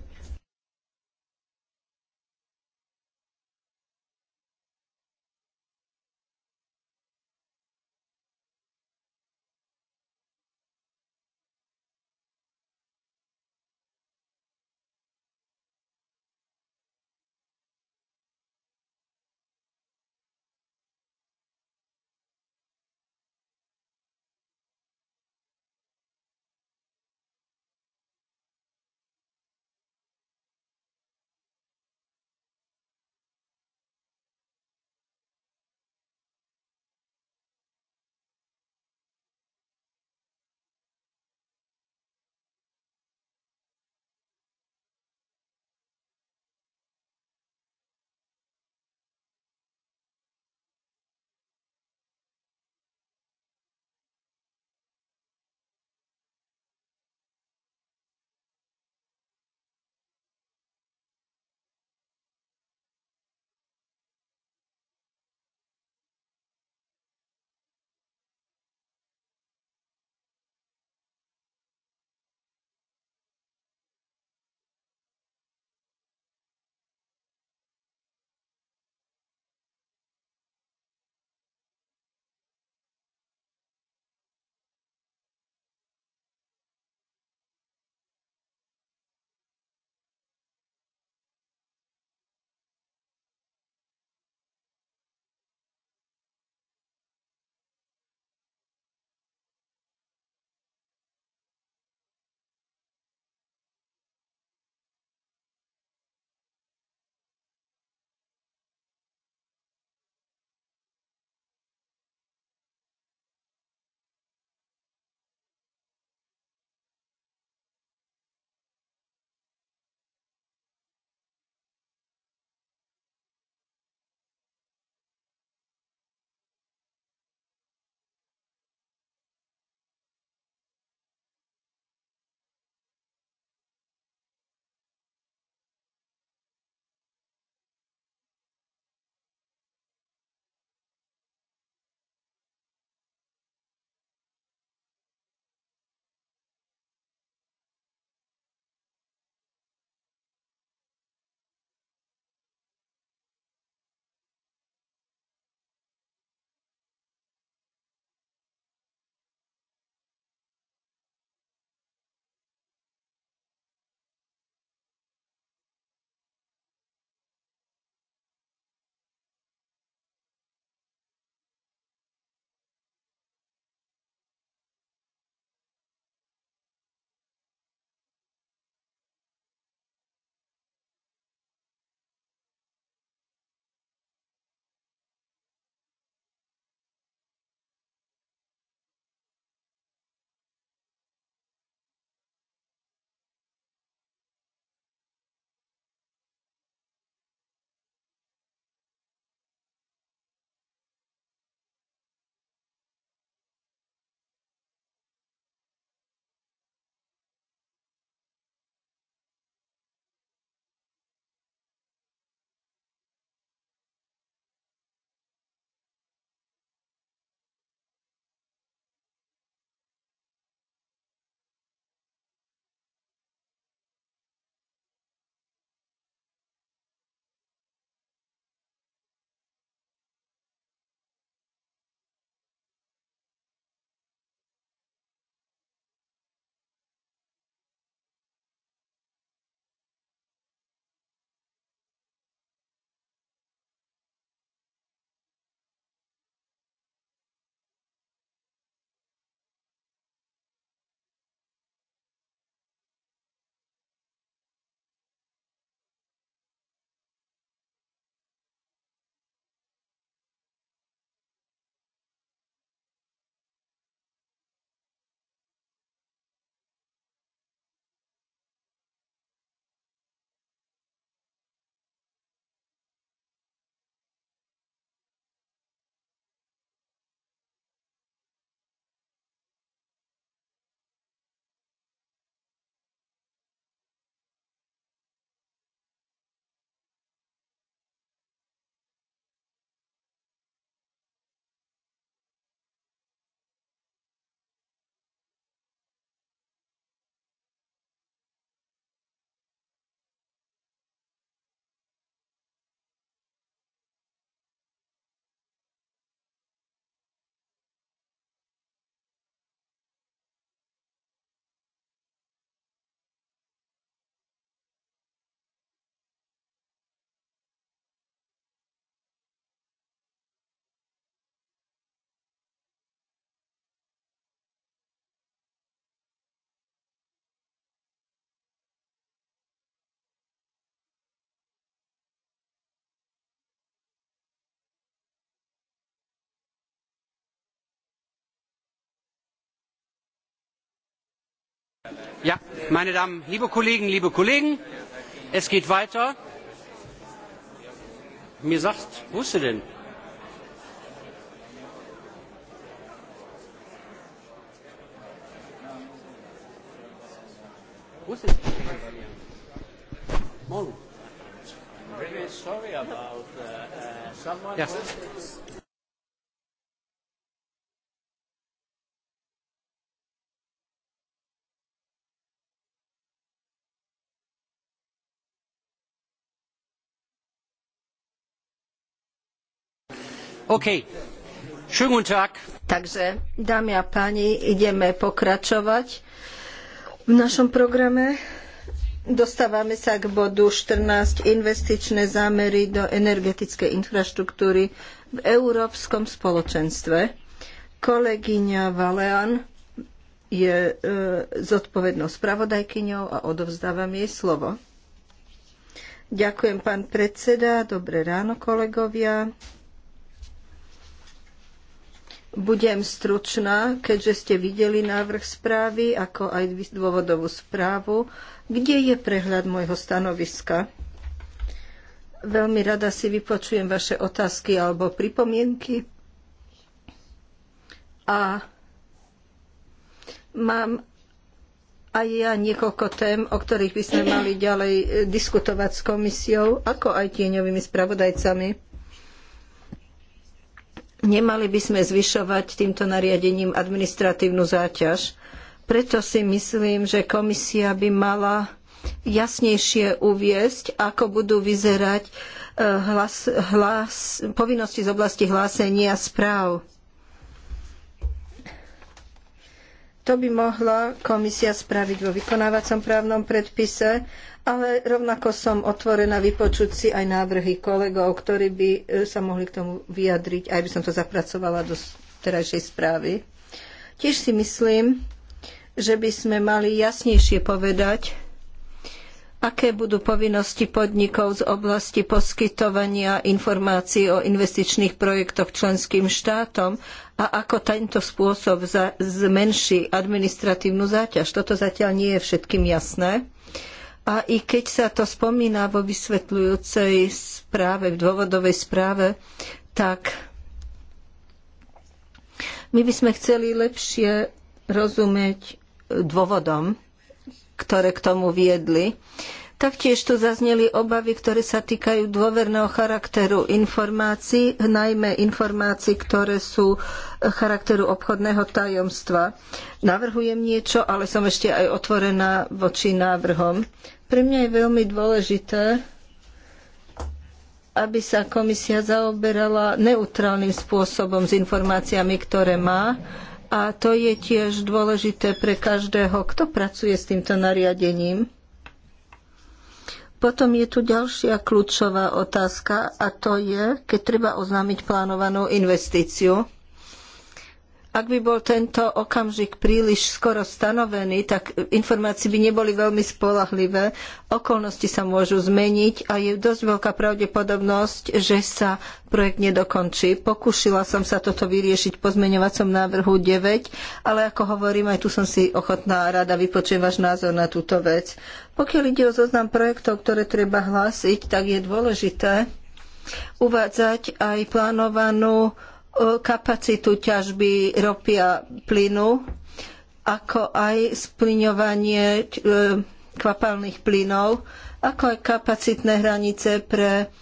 meine Damen, liebe Kollegen, liebe Kollegen, es geht weiter. Mir sagt, wo ist sie denn? Wo ist sie? Morgen. really sorry about uh, uh, someone. Yes. Takže, dámy a páni, ideme pokračovať v našom programe. Dostávame sa k bodu 14. Investičné zámery do energetickej infraštruktúry v Európskom spoločenstve. Kolegyňa Valean je e, zodpovednou spravodajkyňou a odovzdávam jej slovo. Ďakujem, pán predseda. Dobré ráno, kolegovia. Budem stručná, keďže ste videli návrh správy, ako aj dôvodovú správu, kde je prehľad môjho stanoviska. Veľmi rada si vypočujem vaše otázky alebo pripomienky a mám aj ja niekoľko tém, o ktorých by sme mali ďalej eh, diskutovať s komisiou, ako aj tieňovými spravodajcami. Nemali by sme zvyšovať týmto nariadením administratívnu záťaž. Preto si myslím, že komisia by mala jasnejšie uviesť, ako budú vyzerať eh, hlas, hlas, povinnosti z oblasti hlásenia správ To by mohla komisia spraviť vo vykonávacom právnom predpise, ale rovnako som otvorená vypočuť si aj návrhy kolegov, ktorí by e, sa mohli k tomu vyjadriť, aj by som to zapracovala do terajšej správy. Tiež si myslím, že by sme mali jasnejšie povedať, aké budú povinnosti podnikov z oblasti poskytovania informácií o investičných projektoch členským štátom a ako tento spôsob zmenší administratívnu záťaž. Toto zatiaľ nie je všetkým jasné. A i keď sa to spomína vo vysvetľujúcej správe, v dôvodovej správe, tak my by sme chceli lepšie rozumieť dôvodom, ktoré k tomu viedli. Uh, Taktiež tu zazneli obavy, ktoré sa týkajú dôverného charakteru informácií, najmä informácií, ktoré sú charakteru obchodného tajomstva. Navrhujem niečo, ale som ešte aj otvorená voči návrhom. Pre mňa je veľmi dôležité, aby sa komisia zaoberala neutrálnym spôsobom s informáciami, ktoré má. A to je tiež dôležité pre každého, kto pracuje s týmto nariadením potom je tu ďalšia kľúčová otázka a to je, keď treba oznámiť plánovanú investíciu. Ak by bol tento okamžik príliš skoro stanovený, tak informácie by neboli veľmi spolahlivé. Okolnosti sa môžu zmeniť a je dosť veľká pravdepodobnosť, že sa projekt nedokončí. Pokúšila som sa toto vyriešiť v pozmeňovacom návrhu 9, ale ako hovorím, aj tu som si ochotná a rada vypočujem váš názor na túto vec. Pokiaľ ide o zoznam projektov, ktoré treba hlásiť, tak je dôležité uvádzať aj plánovanú kapacitu ťažby ropy a plynu, ako aj splyňovanie e, kvapalných plynov, ako aj kapacitné hranice pre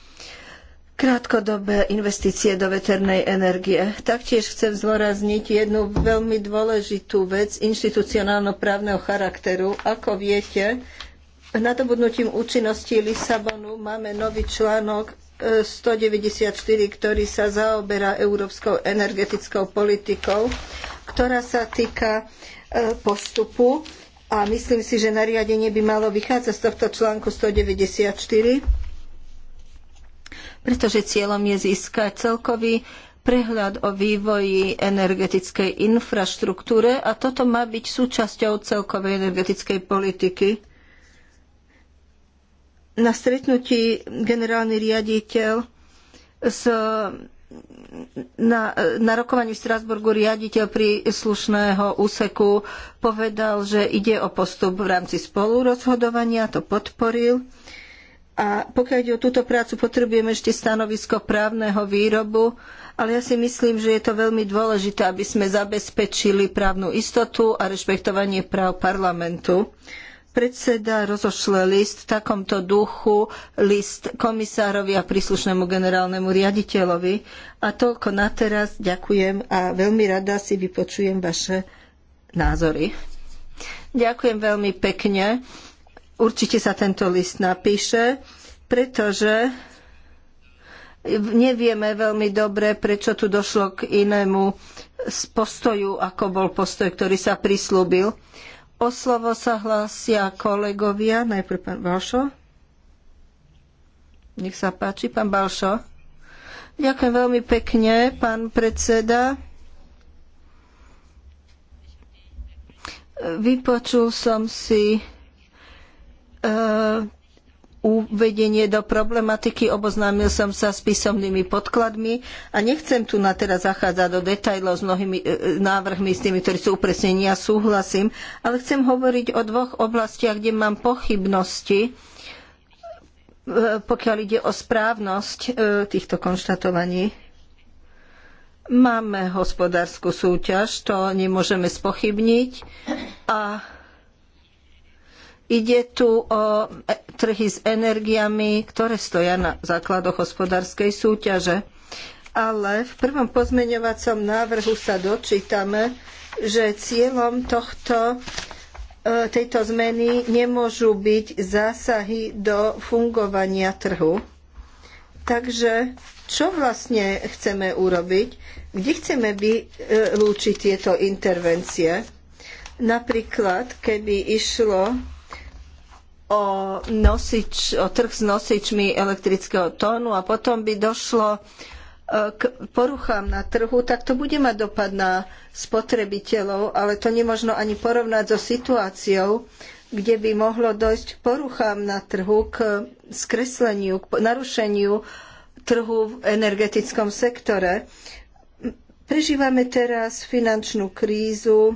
krátkodobé investície do veternej energie. Taktiež chcem zdôrazniť jednu veľmi dôležitú vec inštitucionálno-právneho charakteru. Ako viete, nadobudnutím účinnosti Lisabonu máme nový článok 194, ktorý sa zaoberá európskou energetickou politikou, ktorá sa týka e, postupu a myslím si, že nariadenie by malo vychádzať z tohto článku 194, pretože cieľom je získať celkový prehľad o vývoji energetickej infraštruktúre a toto má byť súčasťou celkovej energetickej politiky na stretnutí generálny riaditeľ s na, na rokovaní v Štrasburgu riaditeľ príslušného úseku povedal, že ide o postup v rámci spolurozhodovania, to podporil. A pokiaľ ide o túto prácu, potrebujeme ešte stanovisko právneho výrobu, ale ja si myslím, že je to veľmi dôležité, aby sme zabezpečili právnu istotu a rešpektovanie práv parlamentu. Uh, Predseda rozošle list v takomto duchu, list komisárovi a príslušnému generálnemu riaditeľovi. A toľko na teraz. Ďakujem a veľmi rada si vypočujem vaše názory. Ďakujem veľmi pekne. Určite sa tento list napíše, pretože nevieme veľmi dobre, prečo tu došlo k inému postoju, ako bol postoj, ktorý sa prislúbil. O slovo sa hlásia kolegovia. Najprv pán Balšo. Nech sa páči, pán Balšo. Ďakujem veľmi pekne, pán predseda. Vypočul som si eh, uvedenie do problematiky. Oboznámil som sa s písomnými podkladmi a nechcem tu na teraz zachádzať do detailov s mnohými e, návrhmi, s tými, ktorí sú upresnenia, súhlasím, ale chcem hovoriť o dvoch oblastiach, kde mám pochybnosti, e, pokiaľ ide o správnosť e, týchto konštatovaní. Máme hospodársku súťaž, to nemôžeme spochybniť a Ide tu o e, trhy s energiami, ktoré stoja na základoch hospodárskej súťaže. Ale v prvom pozmeňovacom návrhu sa dočítame, že cieľom tohto, e, tejto zmeny nemôžu byť zásahy do fungovania trhu. Takže čo vlastne chceme urobiť? Kde chceme vylúčiť tieto intervencie? Napríklad, keby išlo o, nosič, o trh s nosičmi elektrického tónu a potom by došlo e, k poruchám na trhu, tak to bude mať dopad na spotrebiteľov, ale to nemožno ani porovnať so situáciou, kde by mohlo dojsť k poruchám na trhu, k skresleniu, k narušeniu trhu v energetickom sektore. Prežívame teraz finančnú krízu,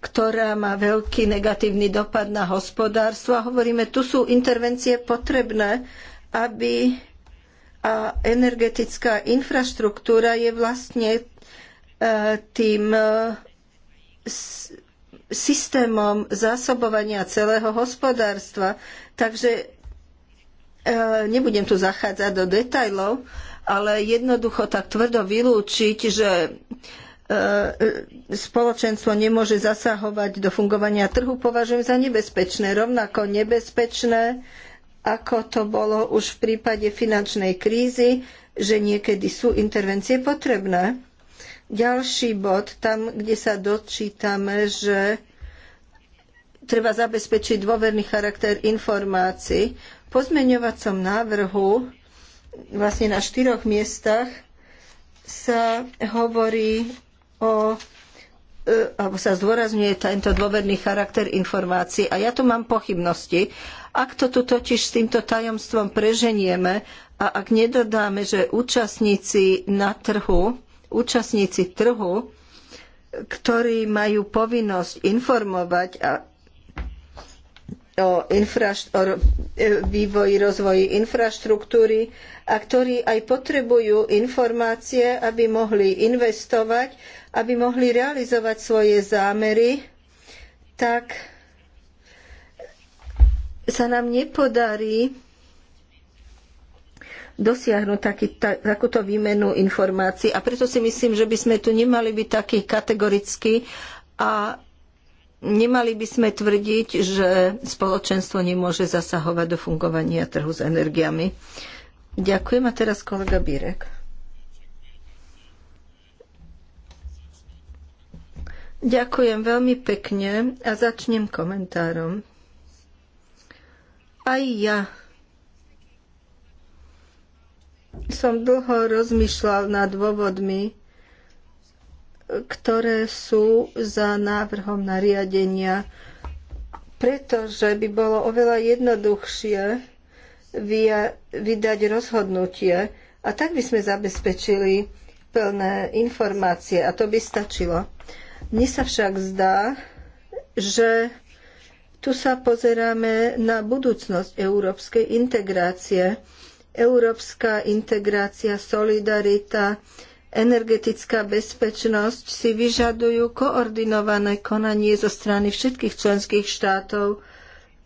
ktorá má veľký negatívny dopad na hospodárstvo. A hovoríme, tu sú intervencie potrebné, aby a energetická infraštruktúra je vlastne e, tým e, systémom zásobovania celého hospodárstva. Takže e, nebudem tu zachádzať do detajlov, ale jednoducho tak tvrdo vylúčiť, že E, e, spoločenstvo nemôže zasahovať do fungovania trhu, považujem za nebezpečné. Rovnako nebezpečné, ako to bolo už v prípade finančnej krízy, že niekedy sú intervencie potrebné. Ďalší bod, tam, kde sa dočítame, že treba zabezpečiť dôverný charakter informácií. V pozmeňovacom návrhu vlastne na štyroch miestach sa hovorí o e, alebo sa zdôrazňuje tento dôverný charakter informácií. A ja tu mám pochybnosti. Ak to tu totiž s týmto tajomstvom preženieme a ak nedodáme, že účastníci na trhu, účastníci trhu, ktorí majú povinnosť informovať a o, o e, vývoji, rozvoji infraštruktúry a ktorí aj potrebujú informácie, aby mohli investovať, aby mohli realizovať svoje zámery, tak sa nám nepodarí dosiahnuť taký, tak, takúto výmenu informácií. A preto si myslím, že by sme tu nemali byť takí kategorickí a Nemali by sme tvrdiť, že spoločenstvo nemôže zasahovať do fungovania trhu s energiami. Ďakujem a teraz kolega Bírek. Ďakujem veľmi pekne a začnem komentárom. Aj ja som dlho rozmýšľal nad dôvodmi, ktoré sú za návrhom nariadenia, pretože by bolo oveľa jednoduchšie vydať rozhodnutie a tak by sme zabezpečili plné informácie a to by stačilo. Mne sa však zdá, že tu sa pozeráme na budúcnosť európskej integrácie. Európska integrácia, solidarita, energetická bezpečnosť si vyžadujú koordinované konanie zo strany všetkých členských štátov,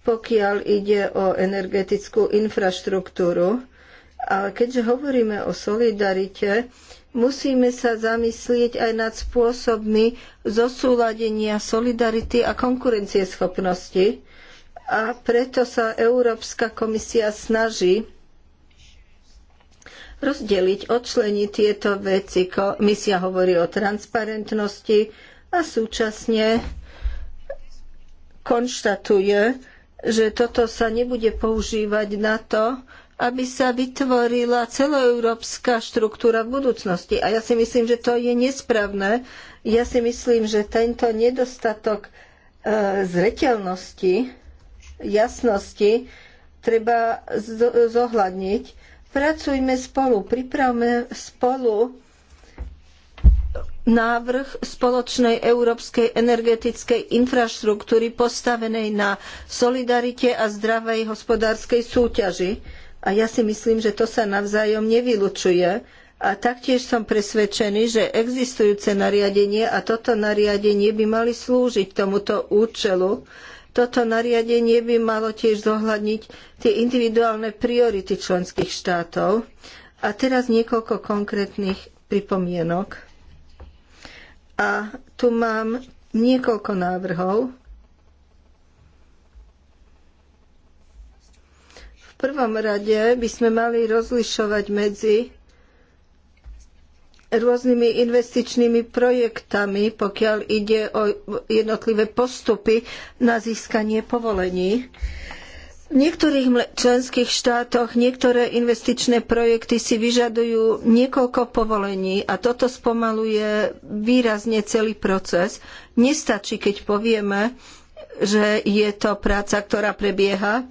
pokiaľ ide o energetickú infraštruktúru. Ale keďže hovoríme o solidarite, musíme sa zamyslieť aj nad spôsobmi zosúladenia solidarity a konkurencieschopnosti. A preto sa Európska komisia snaží rozdeliť, odčleniť tieto veci. Komisia hovorí o transparentnosti a súčasne konštatuje, že toto sa nebude používať na to, aby sa vytvorila celoeurópska štruktúra v budúcnosti. A ja si myslím, že to je nesprávne. Ja si myslím, že tento nedostatok e, zreteľnosti, jasnosti treba zohľadniť Pracujme spolu, pripravme spolu návrh spoločnej európskej energetickej infraštruktúry postavenej na solidarite a zdravej hospodárskej súťaži. A ja si myslím, že to sa navzájom nevylučuje. A taktiež som presvedčený, že existujúce nariadenie a toto nariadenie by mali slúžiť tomuto účelu. Toto nariadenie by malo tiež zohľadniť tie individuálne priority členských štátov. A teraz niekoľko konkrétnych pripomienok. A tu mám niekoľko návrhov. V prvom rade by sme mali rozlišovať medzi rôznymi investičnými projektami, pokiaľ ide o jednotlivé postupy na získanie povolení. V niektorých členských štátoch niektoré investičné projekty si vyžadujú niekoľko povolení a toto spomaluje výrazne celý proces. Nestačí, keď povieme, že je to práca, ktorá prebieha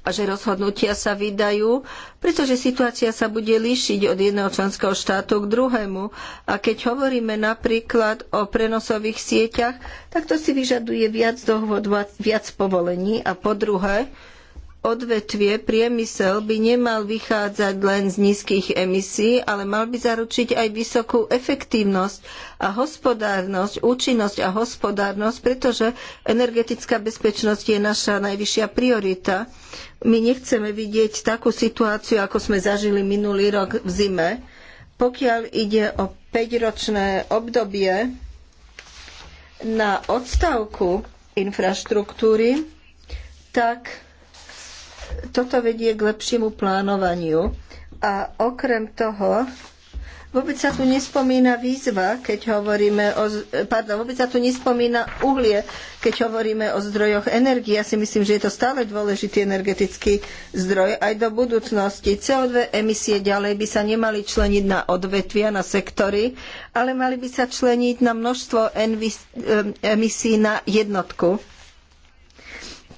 a že rozhodnutia sa vydajú, pretože situácia sa bude líšiť od jedného členského štátu k druhému. A keď hovoríme napríklad o prenosových sieťach, tak to si vyžaduje viac dohôd, viac povolení. A po druhé, odvetvie priemysel by nemal vychádzať len z nízkych emisí, ale mal by zaručiť aj vysokú efektívnosť a hospodárnosť, účinnosť a hospodárnosť, pretože energetická bezpečnosť je naša najvyššia priorita. My nechceme vidieť takú situáciu, ako sme zažili minulý rok v zime. Pokiaľ ide o 5-ročné obdobie na odstavku infraštruktúry, tak toto vedie k lepšiemu plánovaniu. A okrem toho, vôbec sa tu nespomína výzva, keď hovoríme o, pardon, vôbec sa tu nespomína uhlie, keď hovoríme o zdrojoch energie. Ja si myslím, že je to stále dôležitý energetický zdroj aj do budúcnosti. CO2 emisie ďalej by sa nemali členiť na odvetvia, na sektory, ale mali by sa členiť na množstvo emisí na jednotku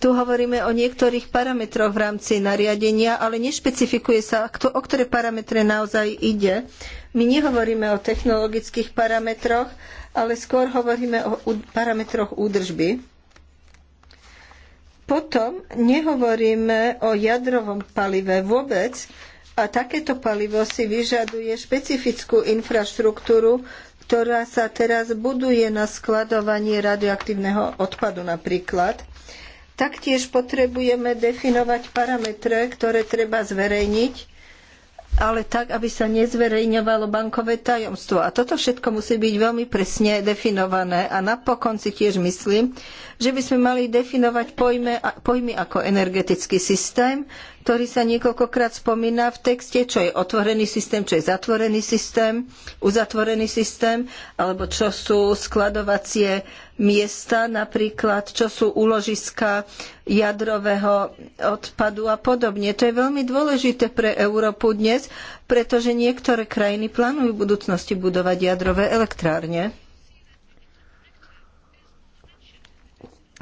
tu hovoríme o niektorých parametroch v rámci nariadenia, ale nešpecifikuje sa, o ktoré parametre naozaj ide. My nehovoríme o technologických parametroch, ale skôr hovoríme o parametroch údržby. Potom nehovoríme o jadrovom palive vôbec, a takéto palivo si vyžaduje špecifickú infraštruktúru, ktorá sa teraz buduje na skladovanie radioaktívneho odpadu napríklad. Taktiež potrebujeme definovať parametre, ktoré treba zverejniť, ale tak, aby sa nezverejňovalo bankové tajomstvo. A toto všetko musí byť veľmi presne definované. A napokon si tiež myslím, že by sme mali definovať pojme, pojmy ako energetický systém, ktorý sa niekoľkokrát spomína v texte, čo je otvorený systém, čo je zatvorený systém, uzatvorený systém, alebo čo sú skladovacie miesta, napríklad čo sú úložiska jadrového odpadu a podobne. To je veľmi dôležité pre Európu dnes, pretože niektoré krajiny plánujú v budúcnosti budovať jadrové elektrárne.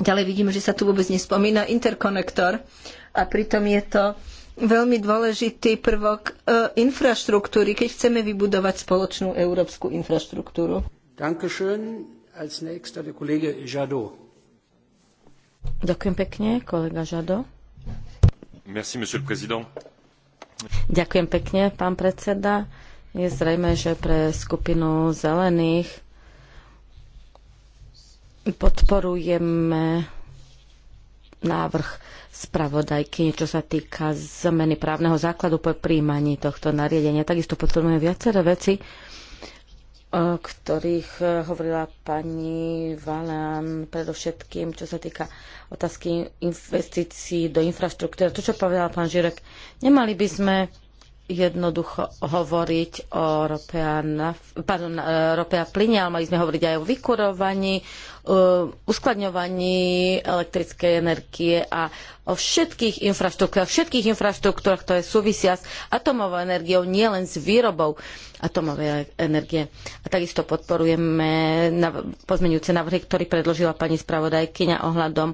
Ďalej vidíme, že sa tu vôbec nespomína interkonektor a pritom je to veľmi dôležitý prvok e, infraštruktúry, keď chceme vybudovať spoločnú európsku infraštruktúru. Dankeschön. Als nächster der Kollege Jadot. Ďakujem pekne, kolega Žado. Merci, monsieur le président. Ďakujem pekne, pán predseda. Je zrejme, že pre skupinu zelených podporujeme návrh spravodajky, čo sa týka zmeny právneho základu po príjmaní tohto nariadenia. Takisto podporujeme viaceré veci, o ktorých e, hovorila pani Valán, predovšetkým, čo sa týka otázky investícií do infraštruktúry. To, čo povedal pán Žirek, nemali by sme jednoducho hovoriť o rope a, naf- pardon, e, rope a plyne, ale mali sme hovoriť aj o vykurovaní, E, uskladňovaní elektrickej energie a o všetkých infraštruktúrach, všetkých infraštruktúrach, ktoré súvisia s atomovou energiou, nielen s výrobou atomovej energie. A takisto podporujeme pozmeňujúce návrhy, ktoré predložila pani spravodajkyňa ohľadom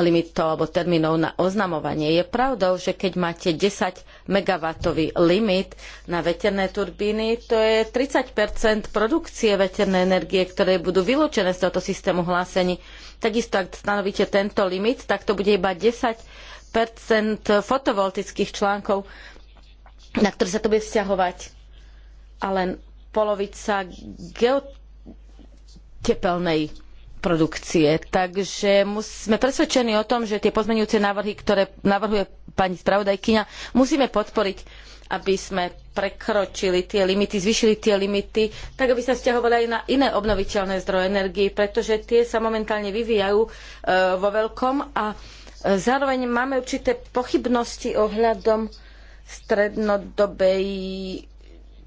limitov alebo termínov na oznamovanie. Je pravdou, že keď máte 10 megawattový limit na veterné turbíny, to je 30 produkcie veternej energie, ktoré budú vylúčené z tohto systému hlásení. Takisto, ak stanovíte tento limit, tak to bude iba 10 fotovoltických článkov, na ktoré sa to bude vzťahovať. A len polovica geotepelnej produkcie. Takže sme presvedčení o tom, že tie pozmenujúce návrhy, ktoré navrhuje pani spravodajkyňa, musíme podporiť, aby sme prekročili tie limity, zvyšili tie limity, tak aby sa vzťahovali aj na iné obnoviteľné zdroje energií, pretože tie sa momentálne vyvíjajú e, vo veľkom a e, zároveň máme určité pochybnosti ohľadom strednodobej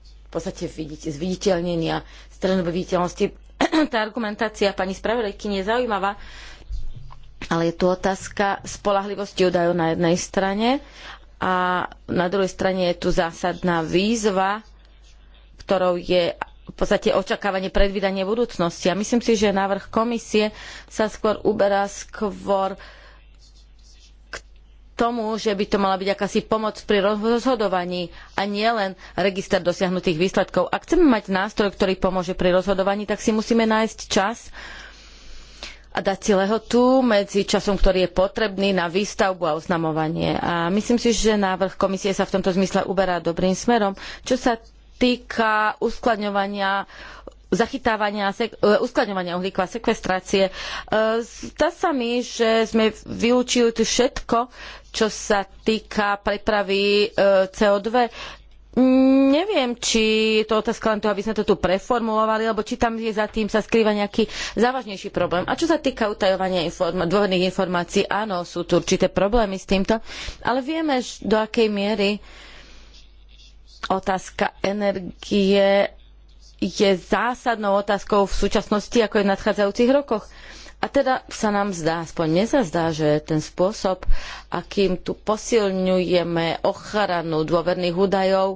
v podstate zviditeľnenia strednodobej viditeľnosti tá argumentácia pani spravodajkyne je zaujímavá, ale je tu otázka spolahlivosti údajov na jednej strane a na druhej strane je tu zásadná výzva, ktorou je v podstate očakávanie predvídanie budúcnosti. A myslím si, že návrh komisie sa skôr uberá skôr tomu, že by to mala byť akási pomoc pri rozhodovaní a nie len register dosiahnutých výsledkov. Ak chceme mať nástroj, ktorý pomôže pri rozhodovaní, tak si musíme nájsť čas a dať si lehotu medzi časom, ktorý je potrebný na výstavbu a oznamovanie. A myslím si, že návrh komisie sa v tomto zmysle uberá dobrým smerom. Čo sa týka uskladňovania zachytávania, e, uskladňovania uhlíku a sekvestrácie. E, zdá sa mi, že sme vylúčili tu všetko, čo sa týka prepravy e, CO2, neviem, či je to otázka len toho, aby sme to tu preformulovali, alebo či tam je za tým sa skrýva nejaký závažnejší problém. A čo sa týka utajovania inform- dôverných informácií, áno, sú tu určité problémy s týmto, ale vieme, do akej miery otázka energie je zásadnou otázkou v súčasnosti, ako je v nadchádzajúcich rokoch. A teda sa nám zdá, aspoň nezazdá, že ten spôsob, akým tu posilňujeme ochranu dôverných údajov,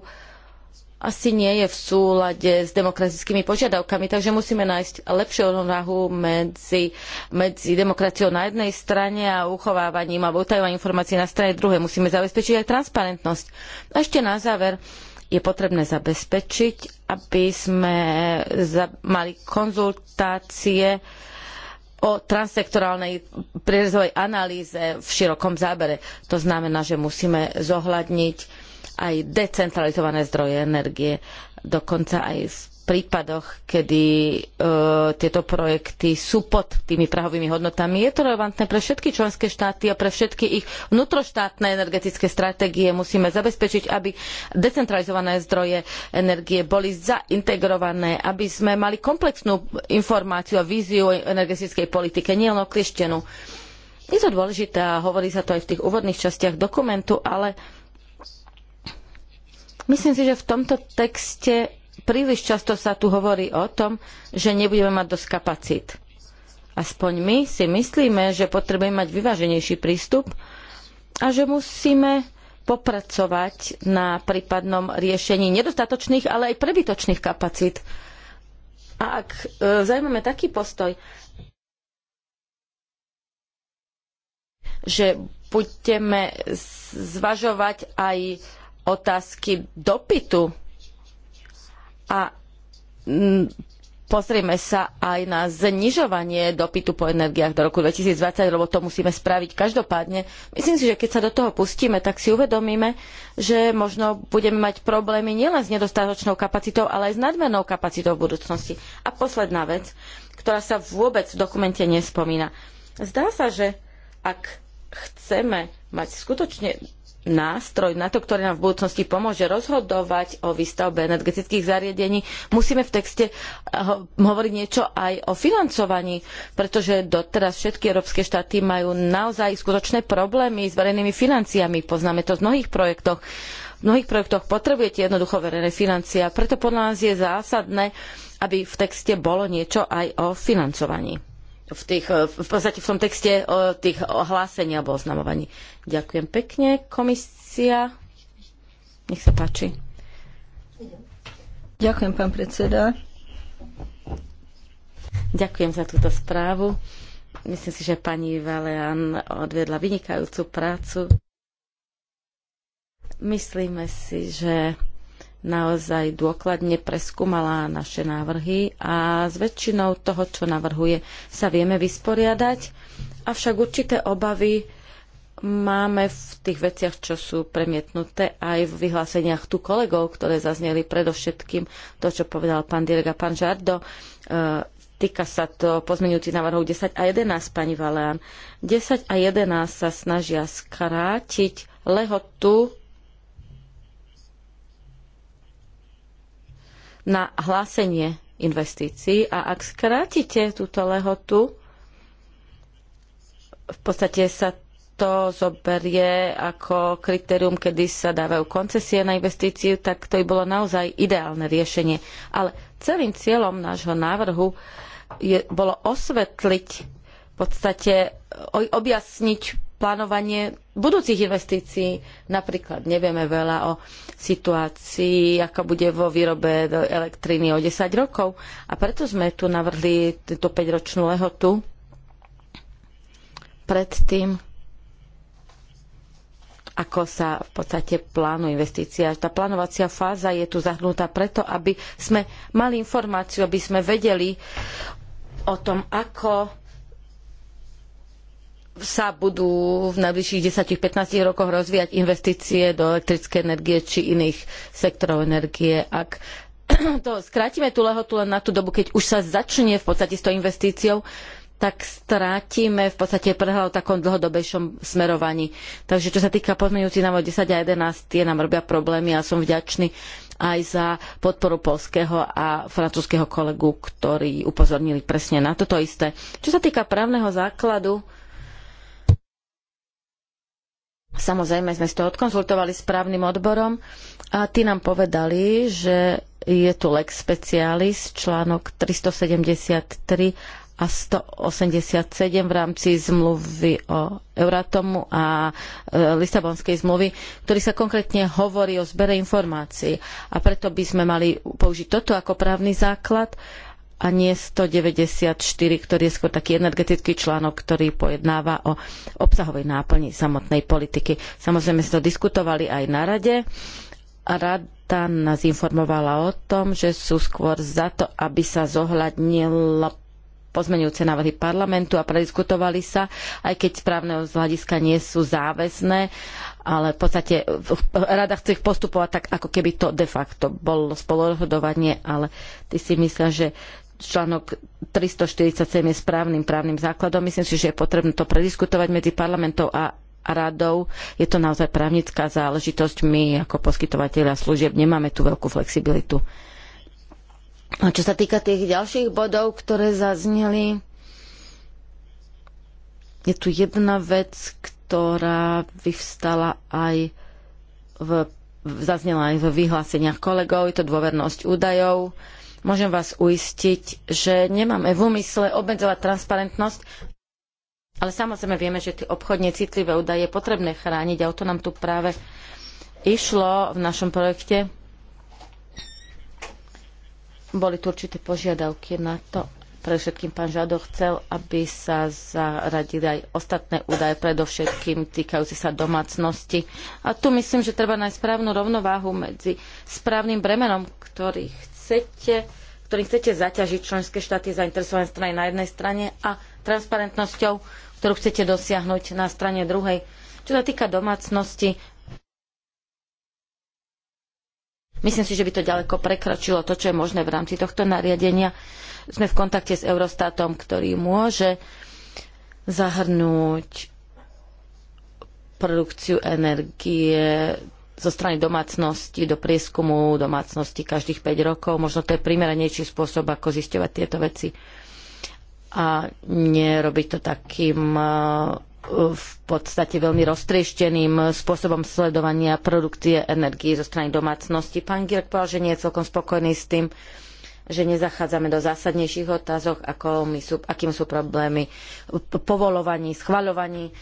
asi nie je v súlade s demokratickými požiadavkami, takže musíme nájsť lepšiu rovnováhu medzi, medzi demokraciou na jednej strane a uchovávaním alebo utajovaním informácií na strane druhej. Musíme zabezpečiť aj transparentnosť. A ešte na záver je potrebné zabezpečiť, aby sme mali konzultácie o transsektorálnej prierezovej analýze v širokom zábere. To znamená, že musíme zohľadniť aj decentralizované zdroje energie, dokonca aj v prípadoch, kedy e, tieto projekty sú pod tými prahovými hodnotami. Je to relevantné pre všetky členské štáty a pre všetky ich vnútroštátne energetické stratégie. Musíme zabezpečiť, aby decentralizované zdroje energie boli zaintegrované, aby sme mali komplexnú informáciu a víziu energetickej politike, nielen oklieštenú. Je to dôležité a hovorí sa to aj v tých úvodných častiach dokumentu, ale myslím si, že v tomto texte príliš často sa tu hovorí o tom, že nebudeme mať dosť kapacít. Aspoň my si myslíme, že potrebujeme mať vyváženejší prístup a že musíme popracovať na prípadnom riešení nedostatočných, ale aj prebytočných kapacít. A ak e, zajmeme taký postoj, že budeme zvažovať aj otázky dopytu a mm, pozrieme sa aj na znižovanie dopytu po energiách do roku 2020, lebo to musíme spraviť každopádne. Myslím si, že keď sa do toho pustíme, tak si uvedomíme, že možno budeme mať problémy nielen s nedostatočnou kapacitou, ale aj s nadmernou kapacitou v budúcnosti. A posledná vec, ktorá sa vôbec v dokumente nespomína. Zdá sa, že ak chceme mať skutočne nástroj na to, ktorý nám v budúcnosti pomôže rozhodovať o výstavbe energetických zariadení, musíme v texte hovoriť niečo aj o financovaní, pretože doteraz všetky európske štáty majú naozaj skutočné problémy s verejnými financiami. Poznáme to v mnohých projektoch. V mnohých projektoch potrebujete jednoducho verejné financie a preto podľa nás je zásadné, aby v texte bolo niečo aj o financovaní v, tých, eh, v podstate v tom texte o tých ohlásení alebo oznamovaní. Ďakujem pekne. Komisia, nech sa páči. Ďakujem, pán predseda. Ďakujem za túto správu. Myslím si, že pani Valean odvedla vynikajúcu prácu. Myslíme si, že naozaj dôkladne preskúmala naše návrhy a s väčšinou toho, čo navrhuje, sa vieme vysporiadať. Avšak určité obavy máme v tých veciach, čo sú premietnuté aj v vyhláseniach tu kolegov, ktoré zazneli predovšetkým to, čo povedal pán Direk a pán Žardo. E, týka sa to pozmeňujúcich návrhov 10 a 11, pani Valean. 10 a 11 sa snažia skrátiť lehotu na hlásenie investícií a ak skrátite túto lehotu, v podstate sa to zoberie ako kritérium, kedy sa dávajú koncesie na investíciu, tak to by bolo naozaj ideálne riešenie. Ale celým cieľom nášho návrhu je, bolo osvetliť podstate e, objasniť plánovanie budúcich investícií. Napríklad nevieme veľa o situácii, ako bude vo výrobe elektriny o 10 rokov. A preto sme tu navrhli túto 5-ročnú lehotu predtým, ako sa v podstate plánu investícia. Tá plánovacia fáza je tu zahrnutá preto, aby sme mali informáciu, aby sme vedeli o tom, ako sa budú v najbližších 10-15 rokoch rozvíjať investície do elektrickej energie či iných sektorov energie. Ak to skrátime tú lehotu len na tú dobu, keď už sa začne v podstate s tou investíciou, tak strátime v podstate prehľad o takom dlhodobejšom smerovaní. Takže čo sa týka pozmeňujúcich návrhov 10 a 11, tie nám robia problémy a som vďačný aj za podporu polského a francúzskeho kolegu, ktorí upozornili presne na toto isté. Čo sa týka právneho základu, Samozrejme sme si to odkonzultovali s právnym odborom a tí nám povedali, že je tu lex specialis článok 373 a 187 v rámci zmluvy o Euratomu a e, Lisabonskej zmluvy, ktorý sa konkrétne hovorí o zbere informácií. A preto by sme mali použiť toto ako právny základ a nie 194, ktorý je skôr taký energetický článok, ktorý pojednáva o obsahovej náplni samotnej politiky. Samozrejme sme to diskutovali aj na rade a rada nás informovala o tom, že sú skôr za to, aby sa zohľadnila pozmenujúce návrhy parlamentu a prediskutovali sa, aj keď správneho z hľadiska nie sú záväzné, ale v podstate rada chce ich postupovať tak, ako keby to de facto bolo spolurozhodovanie, ale ty si myslel, že článok 347 je správnym právnym základom. Myslím si, že je potrebné to prediskutovať medzi parlamentom a radou. Je to naozaj právnická záležitosť. My ako poskytovateľia služieb nemáme tú veľkú flexibilitu. A čo sa týka tých ďalších bodov, ktoré zazneli, je tu jedna vec, ktorá vyvstala aj v, zaznela aj v vyhláseniach kolegov, je to dôvernosť údajov. Uh, Môžem vás uistiť, že nemáme v úmysle obmedzovať transparentnosť, ale samozrejme vieme, že tie obchodne citlivé údaje je potrebné chrániť a o to nám tu práve išlo v našom projekte. Boli tu určité požiadavky na to. Pre všetkým pán Žado chcel, aby sa zaradili aj ostatné údaje, predovšetkým týkajúce sa domácnosti. A tu myslím, že treba nájsť správnu rovnováhu medzi správnym bremenom, ktorý chce chcete, ktorým chcete zaťažiť členské štáty zainteresované strany na jednej strane a transparentnosťou, ktorú chcete dosiahnuť na strane druhej. Čo sa týka domácnosti, myslím si, že by to ďaleko prekračilo to, čo je možné v rámci tohto nariadenia. Sme v kontakte s Eurostatom, ktorý môže zahrnúť produkciu energie, zo strany domácnosti do prieskumu domácnosti každých 5 rokov. Možno to je primeranejší spôsob, ako zisťovať tieto veci. A nerobiť to takým e, v podstate veľmi roztriešteným spôsobom sledovania produkcie energii zo strany domácnosti. Pán Girk povedal, že nie je celkom spokojný s tým, že nezachádzame do zásadnejších otázok, ako my sú, akým sú problémy povolovaní, schvaľovaní.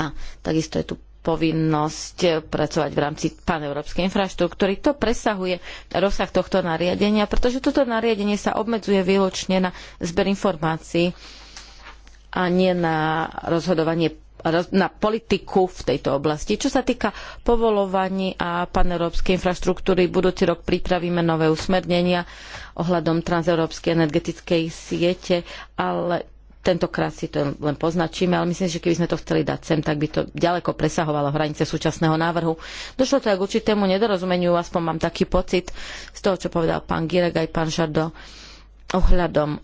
A takisto je tu povinnosť pracovať v rámci paneurópskej infraštruktúry. To presahuje rozsah tohto nariadenia, pretože toto nariadenie sa obmedzuje výlučne na zber informácií a nie na rozhodovanie na politiku v tejto oblasti. Čo sa týka povolovaní a paneurópskej infraštruktúry, budúci rok pripravíme nové usmernenia ohľadom transeurópskej energetickej siete, ale Tentokrát si to len poznačíme, ale myslím, že keby sme to chceli dať sem, tak by to ďaleko presahovalo hranice súčasného návrhu. Došlo to aj k určitému nedorozumeniu, aspoň mám taký pocit z toho, čo povedal pán Girek aj pán Žardo ohľadom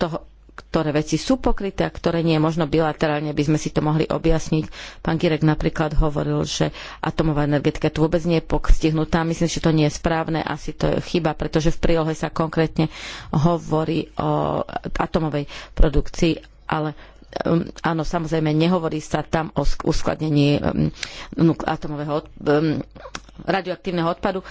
toho, ktoré veci sú pokryté a ktoré nie. Možno bilaterálne by sme si to mohli objasniť. Pán Girek napríklad hovoril, že atomová energetika tu vôbec nie je postihnutá. Myslím, že to nie je správne. Asi to je chyba, pretože v prílohe sa konkrétne hovorí o atomovej produkcii, ale um, áno, samozrejme, nehovorí sa tam o uskladnení um, atomového um, radioaktívneho odpadu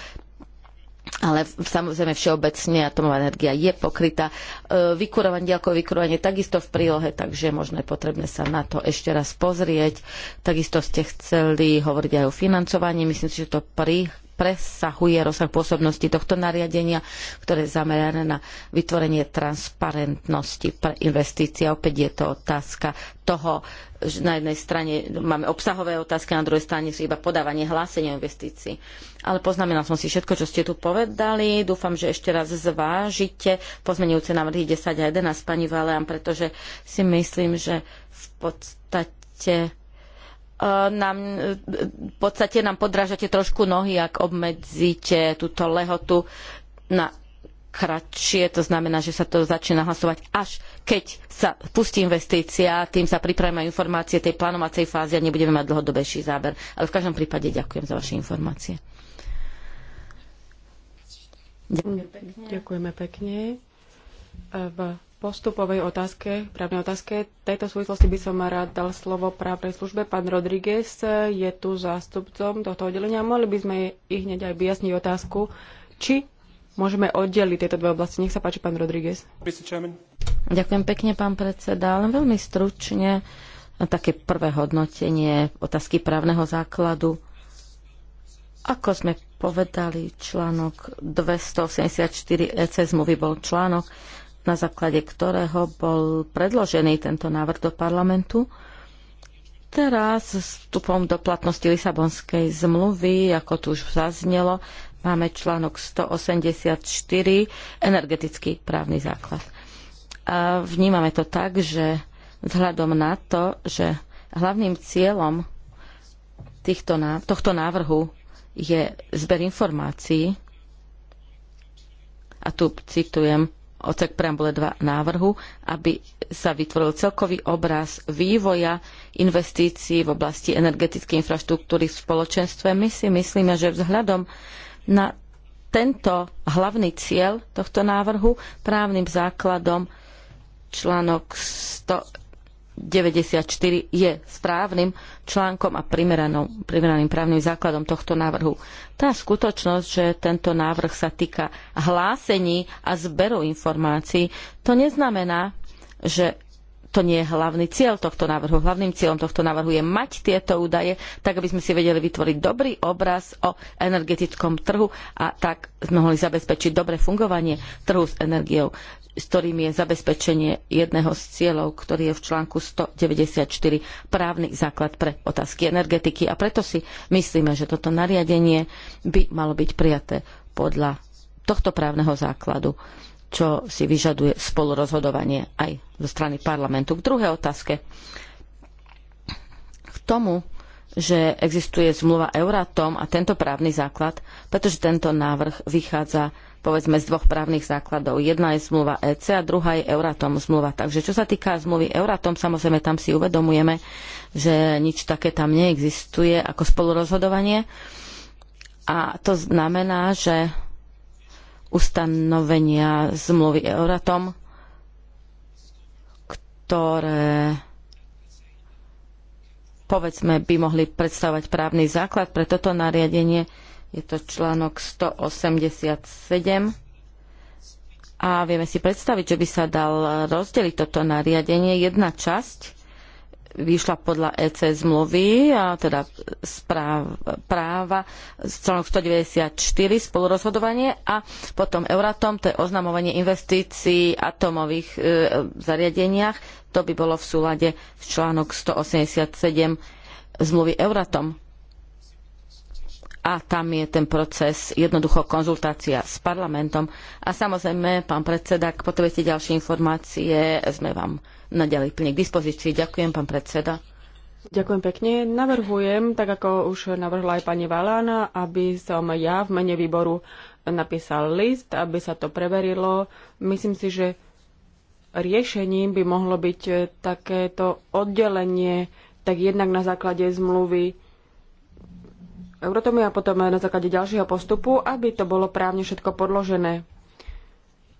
ale samozrejme všeobecne atomová energia je pokrytá. E, vykurovanie, ďalkové vykurovanie takisto v prílohe, takže možno je potrebné sa na to ešte raz pozrieť. Takisto ste chceli hovoriť aj o financovaní. Myslím si, že to pri, presahuje rozsah pôsobnosti tohto nariadenia, ktoré je zamerané na vytvorenie transparentnosti pre investície. Opäť je to otázka toho, že na jednej strane máme obsahové otázky, na druhej strane sú iba podávanie hlásenia investícií. Ale poznamenal som si všetko, čo ste tu povedali. Dúfam, že ešte raz zvážite pozmenujúce návrhy 10 a 11 pani Valean, pretože si myslím, že v podstate nám, v podstate nám podrážate trošku nohy, ak obmedzíte túto lehotu na kratšie, to znamená, že sa to začína hlasovať až keď sa pustí investícia, tým sa pripravíme informácie tej plánovacej fázy a nebudeme mať dlhodobejší záber. Ale v každom prípade ďakujem za vaše informácie. Ďakujem pekne. Ďakujeme pekne postupovej otázke, právnej otázke. V tejto súvislosti by som rád dal slovo právnej službe. Pán Rodriguez je tu zástupcom tohto oddelenia. Mohli by sme ich hneď aj vyjasniť otázku, či môžeme oddeliť tieto dve oblasti. Nech sa páči, pán Rodriguez. Ďakujem pekne, pán predseda. Len veľmi stručne také prvé hodnotenie otázky právneho základu. Ako sme povedali, článok 284 EC zmluvy bol článok, na základe ktorého bol predložený tento návrh do parlamentu. Teraz s vstupom do platnosti Lisabonskej zmluvy, ako tu už zaznelo, máme článok 184, energetický právny základ. A vnímame to tak, že vzhľadom na to, že hlavným cieľom týchto, tohto návrhu je zber informácií, a tu citujem odsek preambule 2 návrhu, aby sa vytvoril celkový obraz vývoja investícií v oblasti energetickej infraštruktúry v spoločenstve. My si myslíme, že vzhľadom na tento hlavný cieľ tohto návrhu právnym základom článok 100, 94 je správnym článkom a primeraným právnym základom tohto návrhu. Tá skutočnosť, že tento návrh sa týka hlásení a zberu informácií, to neznamená, že to nie je hlavný cieľ tohto návrhu. Hlavným cieľom tohto návrhu je mať tieto údaje, tak aby sme si vedeli vytvoriť dobrý obraz o energetickom trhu a tak mohli zabezpečiť dobré fungovanie trhu s energiou s ktorým je zabezpečenie jedného z cieľov, ktorý je v článku 194 právny základ pre otázky energetiky. A preto si myslíme, že toto nariadenie by malo byť prijaté podľa tohto právneho základu, čo si vyžaduje spolurozhodovanie aj zo strany parlamentu. K druhej otázke. K tomu, že existuje zmluva Euratom a tento právny základ, pretože tento návrh vychádza povedzme z dvoch právnych základov. Jedna je zmluva EC a druhá je Euratom zmluva. Takže čo sa týka zmluvy Euratom, samozrejme tam si uvedomujeme, že nič také tam neexistuje ako spolurozhodovanie. A to znamená, že ustanovenia zmluvy Euratom, ktoré povedzme, by mohli predstavovať právny základ pre toto nariadenie, je to článok 187 a vieme si predstaviť, že by sa dal rozdeliť toto nariadenie. Jedna časť vyšla podľa EC zmluvy, a teda správ, práva článok 194 spolurozhodovanie a potom Euratom, to je oznamovanie investícií atomových e, zariadeniach. To by bolo v súlade s článok 187 zmluvy Euratom a tam je ten proces jednoducho konzultácia s parlamentom. A samozrejme, pán predseda, ak potrebujete ďalšie informácie, sme vám naďalej plne k dispozícii. Ďakujem, pán predseda. Ďakujem pekne. Navrhujem, tak ako už navrhla aj pani Valána, aby som ja v mene výboru napísal list, aby sa to preverilo. Myslím si, že riešením by mohlo byť takéto oddelenie, tak jednak na základe zmluvy Eurotomy a potom na základe ďalšieho postupu, aby to bolo právne všetko podložené.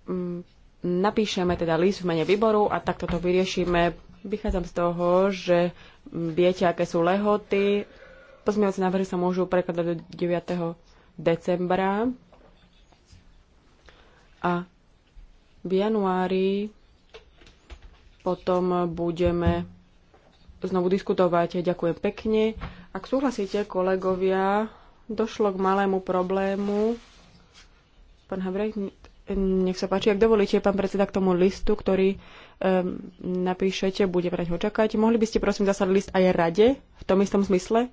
Mm, napíšeme teda list v mene výboru a takto to vyriešime. Vychádzam z toho, že mm, viete, aké sú lehoty. Pozmeňovacie návrhy sa môžu prekladať do 9. decembra. A v januári potom budeme znovu diskutovať. Ďakujem pekne. Ak súhlasíte, kolegovia, došlo k malému problému. Pán Havrej, nech sa páči, ak dovolíte, pán predseda, k tomu listu, ktorý um, napíšete, bude pre ho čakať. Mohli by ste prosím zasať list aj rade v tom istom zmysle?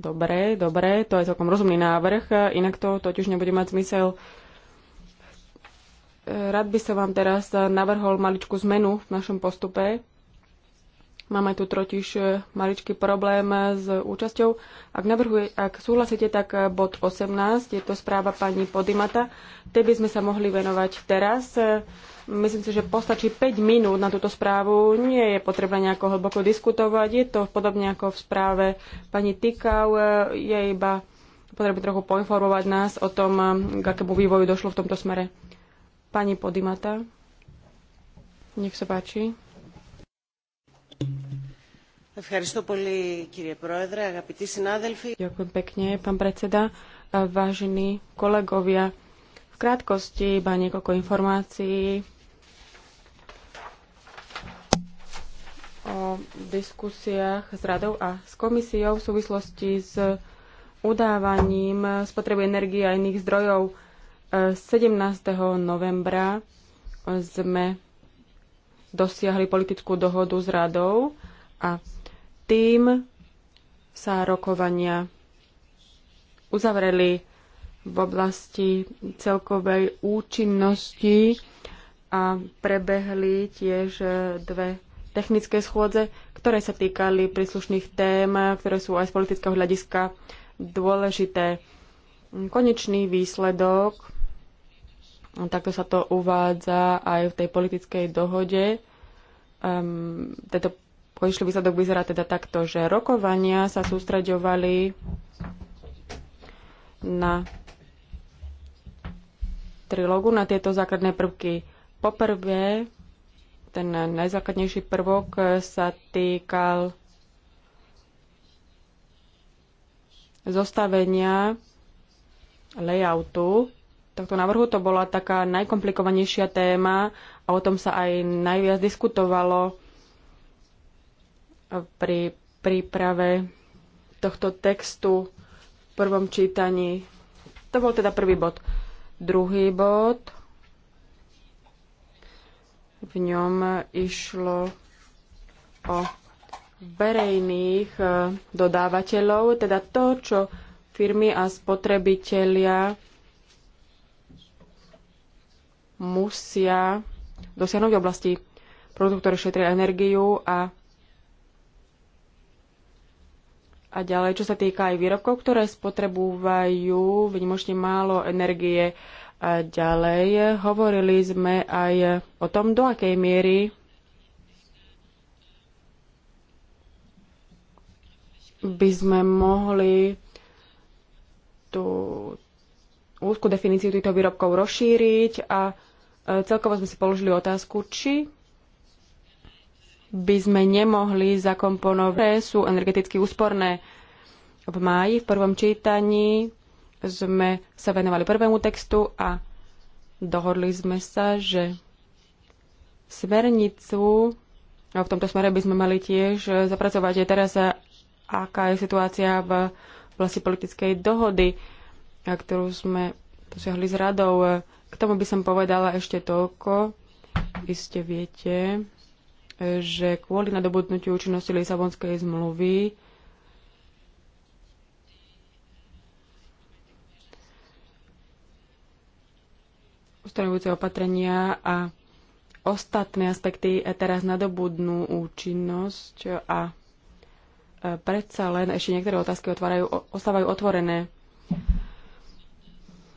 Dobre, dobre, to je celkom rozumný návrh, inak to totiž nebude mať zmysel. Rád by som vám teraz navrhol maličku zmenu v našom postupe. Máme tu totiž e, maličký problém s účasťou. Ak, navrhuje, ak súhlasíte, tak e, bod 18, je to správa pani Podimata. Tej by sme sa mohli venovať teraz. E, myslím si, že postačí 5 minút na túto správu. Nie je potrebné nejako hlboko diskutovať. Je to podobne ako v správe pani Tikau. Je iba potrebné trochu poinformovať nás o tom, k akému vývoju došlo v tomto smere. Pani Podimata, nech sa páči. Ďakujem pekne, pán predseda. Vážení kolegovia, v krátkosti iba niekoľko informácií o diskusiách s radou a s komisiou v súvislosti s udávaním spotreby energie a iných zdrojov. 17. novembra sme dosiahli politickú dohodu s radou a tým sa rokovania uzavreli v oblasti celkovej účinnosti a prebehli tiež dve technické schôdze, ktoré sa týkali príslušných tém, ktoré sú aj z politického hľadiska dôležité. Konečný výsledok, takto sa to uvádza aj v tej politickej dohode, um, tejto Konečný výsledok vyzerá teda takto, že rokovania sa sústreďovali na trilógu, na tieto základné prvky. Poprvé, ten najzákladnejší prvok sa týkal zostavenia layoutu tohto návrhu. To bola taká najkomplikovanejšia téma a o tom sa aj najviac diskutovalo pri príprave tohto textu v prvom čítaní. To bol teda prvý bod. Druhý bod. V ňom išlo o verejných e, dodávateľov, teda to, čo firmy a spotrebitelia musia dosiahnuť v oblasti produktov, ktoré šetria energiu a A ďalej, čo sa týka aj výrobkov, ktoré spotrebujú vynimočne málo energie. A ďalej, hovorili sme aj o tom, do akej miery by sme mohli tú úzku definíciu týchto výrobkov rozšíriť a e, celkovo sme si položili otázku, či by sme nemohli zakomponovať, ktoré sú energeticky úsporné. V máji v prvom čítaní sme sa venovali prvému textu a dohodli sme sa, že smernicu, a no, v tomto smere by sme mali tiež zapracovať aj teraz, aká je situácia v vlasti politickej dohody, ktorú sme dosiahli s radou. K tomu by som povedala ešte toľko. vy ste viete, že kvôli nadobudnutiu účinnosti Lisabonskej zmluvy ustanovujúce opatrenia a ostatné aspekty teraz nadobudnú účinnosť a e, predsa len ešte niektoré otázky otvárajú, ostávajú otvorené.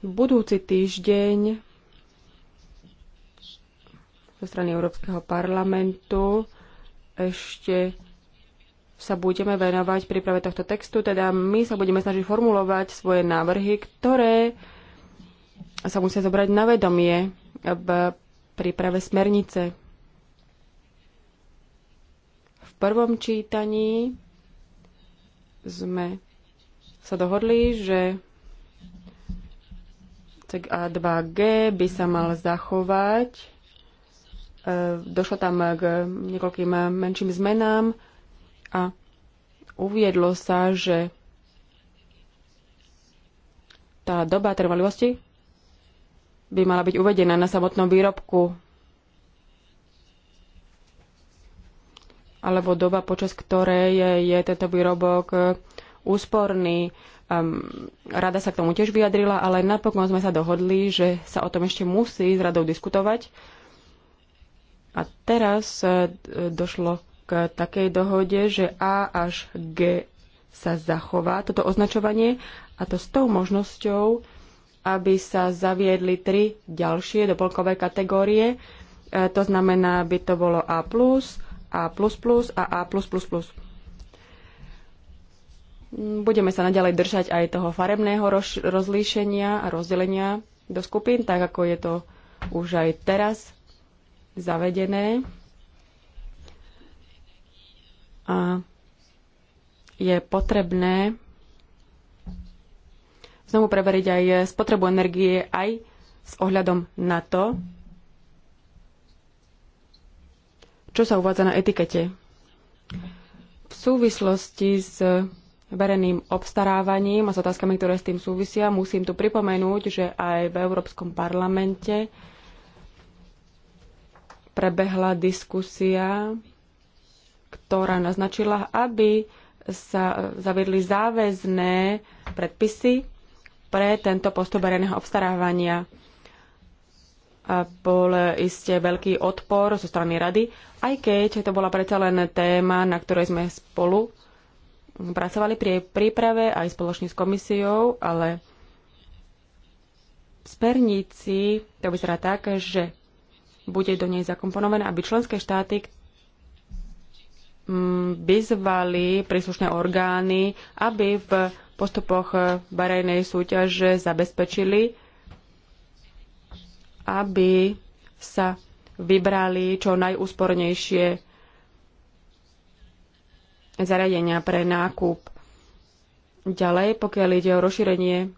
Budúci týždeň zo strany Európskeho parlamentu. Ešte sa budeme venovať príprave tohto textu, teda my sa budeme snažiť formulovať svoje návrhy, ktoré sa musia zobrať na vedomie v príprave smernice. V prvom čítaní sme sa dohodli, že a 2G by sa mal zachovať E, došlo tam k niekoľkým menším zmenám a uviedlo sa, že tá doba trvalivosti by mala byť uvedená na samotnom výrobku alebo doba, počas ktorej je, tento výrobok e, úsporný. Ehm, rada sa k tomu tiež vyjadrila, ale napokon sme sa dohodli, že sa o tom ešte musí s radou diskutovať a teraz e, došlo k takej dohode, že A až G sa zachová toto označovanie a to s tou možnosťou, aby sa zaviedli tri ďalšie doplnkové kategórie. E, to znamená, by to bolo A+, A++ a A++. Budeme sa naďalej držať aj toho farebného rozlíšenia a rozdelenia do skupín, tak ako je to už aj teraz zavedené a je potrebné znovu preveriť aj spotrebu energie aj s ohľadom na to, čo sa uvádza na etikete. V súvislosti s verejným obstarávaním a s otázkami, ktoré s tým súvisia, musím tu pripomenúť, že aj v Európskom parlamente prebehla diskusia, ktorá naznačila, aby sa zaviedli záväzné predpisy pre tento postup verejného obstarávania. A bol iste veľký odpor zo strany rady, aj keď to bola predsa len téma, na ktorej sme spolu pracovali pri príprave aj spoločne s komisiou, ale v spernici to vyzerá tak, že bude do nej zakomponované, aby členské štáty mm, vyzvali príslušné orgány, aby v postupoch barejnej súťaže zabezpečili, aby sa vybrali čo najúspornejšie zariadenia pre nákup. Ďalej, pokiaľ ide o rozšírenie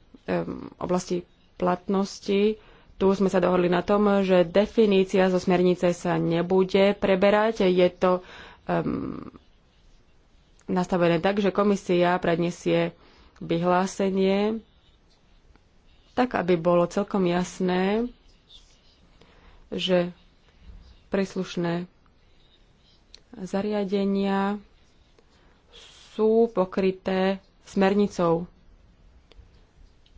oblasti platnosti, tu sme sa dohodli na tom, že definícia zo smernice sa nebude preberať. Je to um, nastavené tak, že komisia predniesie vyhlásenie, tak aby bolo celkom jasné, že príslušné zariadenia sú pokryté smernicou,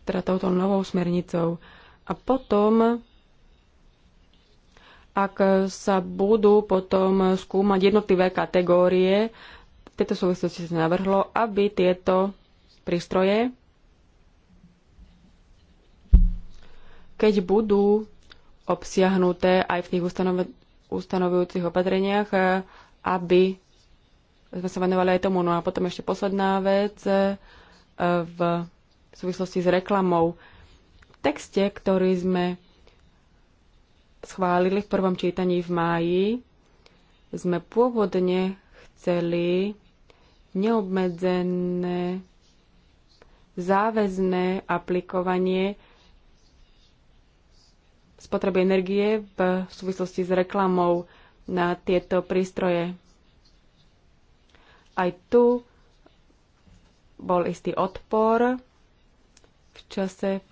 teda touto novou smernicou. A potom, ak sa budú potom skúmať jednotlivé kategórie, v tejto súvislosti sa navrhlo, aby tieto prístroje, keď budú obsiahnuté aj v tých ustanovujúcich opatreniach, aby sme sa venovali aj tomu. No a potom ešte posledná vec eh, v súvislosti s reklamou texte, ktorý sme schválili v prvom čítaní v máji, sme pôvodne chceli neobmedzené záväzné aplikovanie spotreby energie v súvislosti s reklamou na tieto prístroje. Aj tu bol istý odpor v čase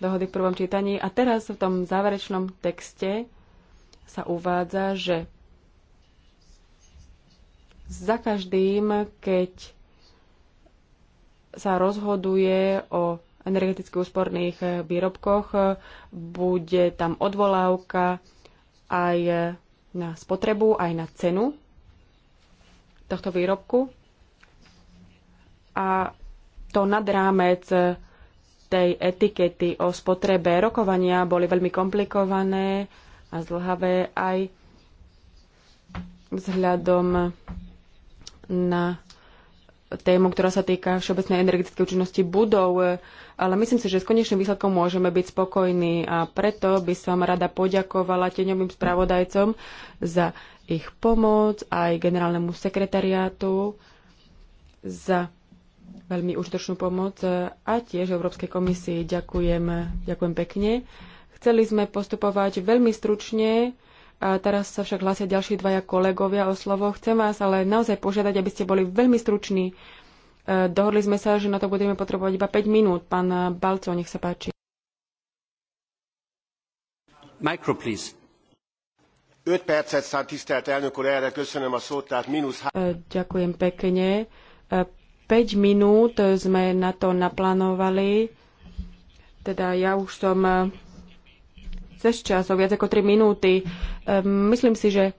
dohody v prvom čítaní. A teraz v tom záverečnom texte sa uvádza, že za každým, keď sa rozhoduje o energeticky úsporných výrobkoch, bude tam odvolávka aj na spotrebu, aj na cenu tohto výrobku. A to nad rámec tej etikety o spotrebe. Rokovania boli veľmi komplikované a zlhavé aj vzhľadom na tému, ktorá sa týka všeobecnej energetickej účinnosti budov, ale myslím si, že s konečným výsledkom môžeme byť spokojní a preto by som rada poďakovala teňovým spravodajcom za ich pomoc aj generálnemu sekretariátu za veľmi užitočnú pomoc e, a tiež Európskej komisii ďakujem, ďakujem pekne. Chceli sme postupovať veľmi stručne, a teraz sa však hlásia ďalší dvaja kolegovia o slovo. Chcem vás ale naozaj požiadať, aby ste boli veľmi struční. E, dohodli sme sa, že na to budeme potrebovať iba 5 minút. Pán Balco, nech sa páči. Micro, please. 5 percet tisztelt elnök úr, erre köszönöm a szót, tehát e, Ďakujem pekne. 5 minút sme na to naplánovali. Teda ja už som eh, cez čas o viac ako 3 minúty. Eh, myslím si, že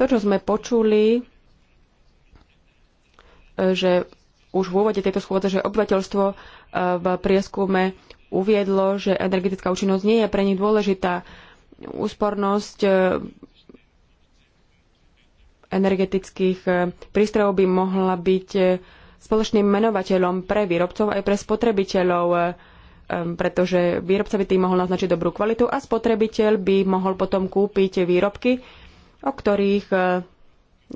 to, čo sme počuli, eh, že už v úvode tejto schôdze, že obyvateľstvo v prieskume uviedlo, že energetická účinnosť nie je pre nich dôležitá. Úspornosť energetických prístrojov by mohla byť spoločným menovateľom pre výrobcov aj pre spotrebiteľov, eh, pretože výrobca by tým mohol naznačiť dobrú kvalitu a spotrebiteľ by mohol potom kúpiť výrobky, o ktorých eh,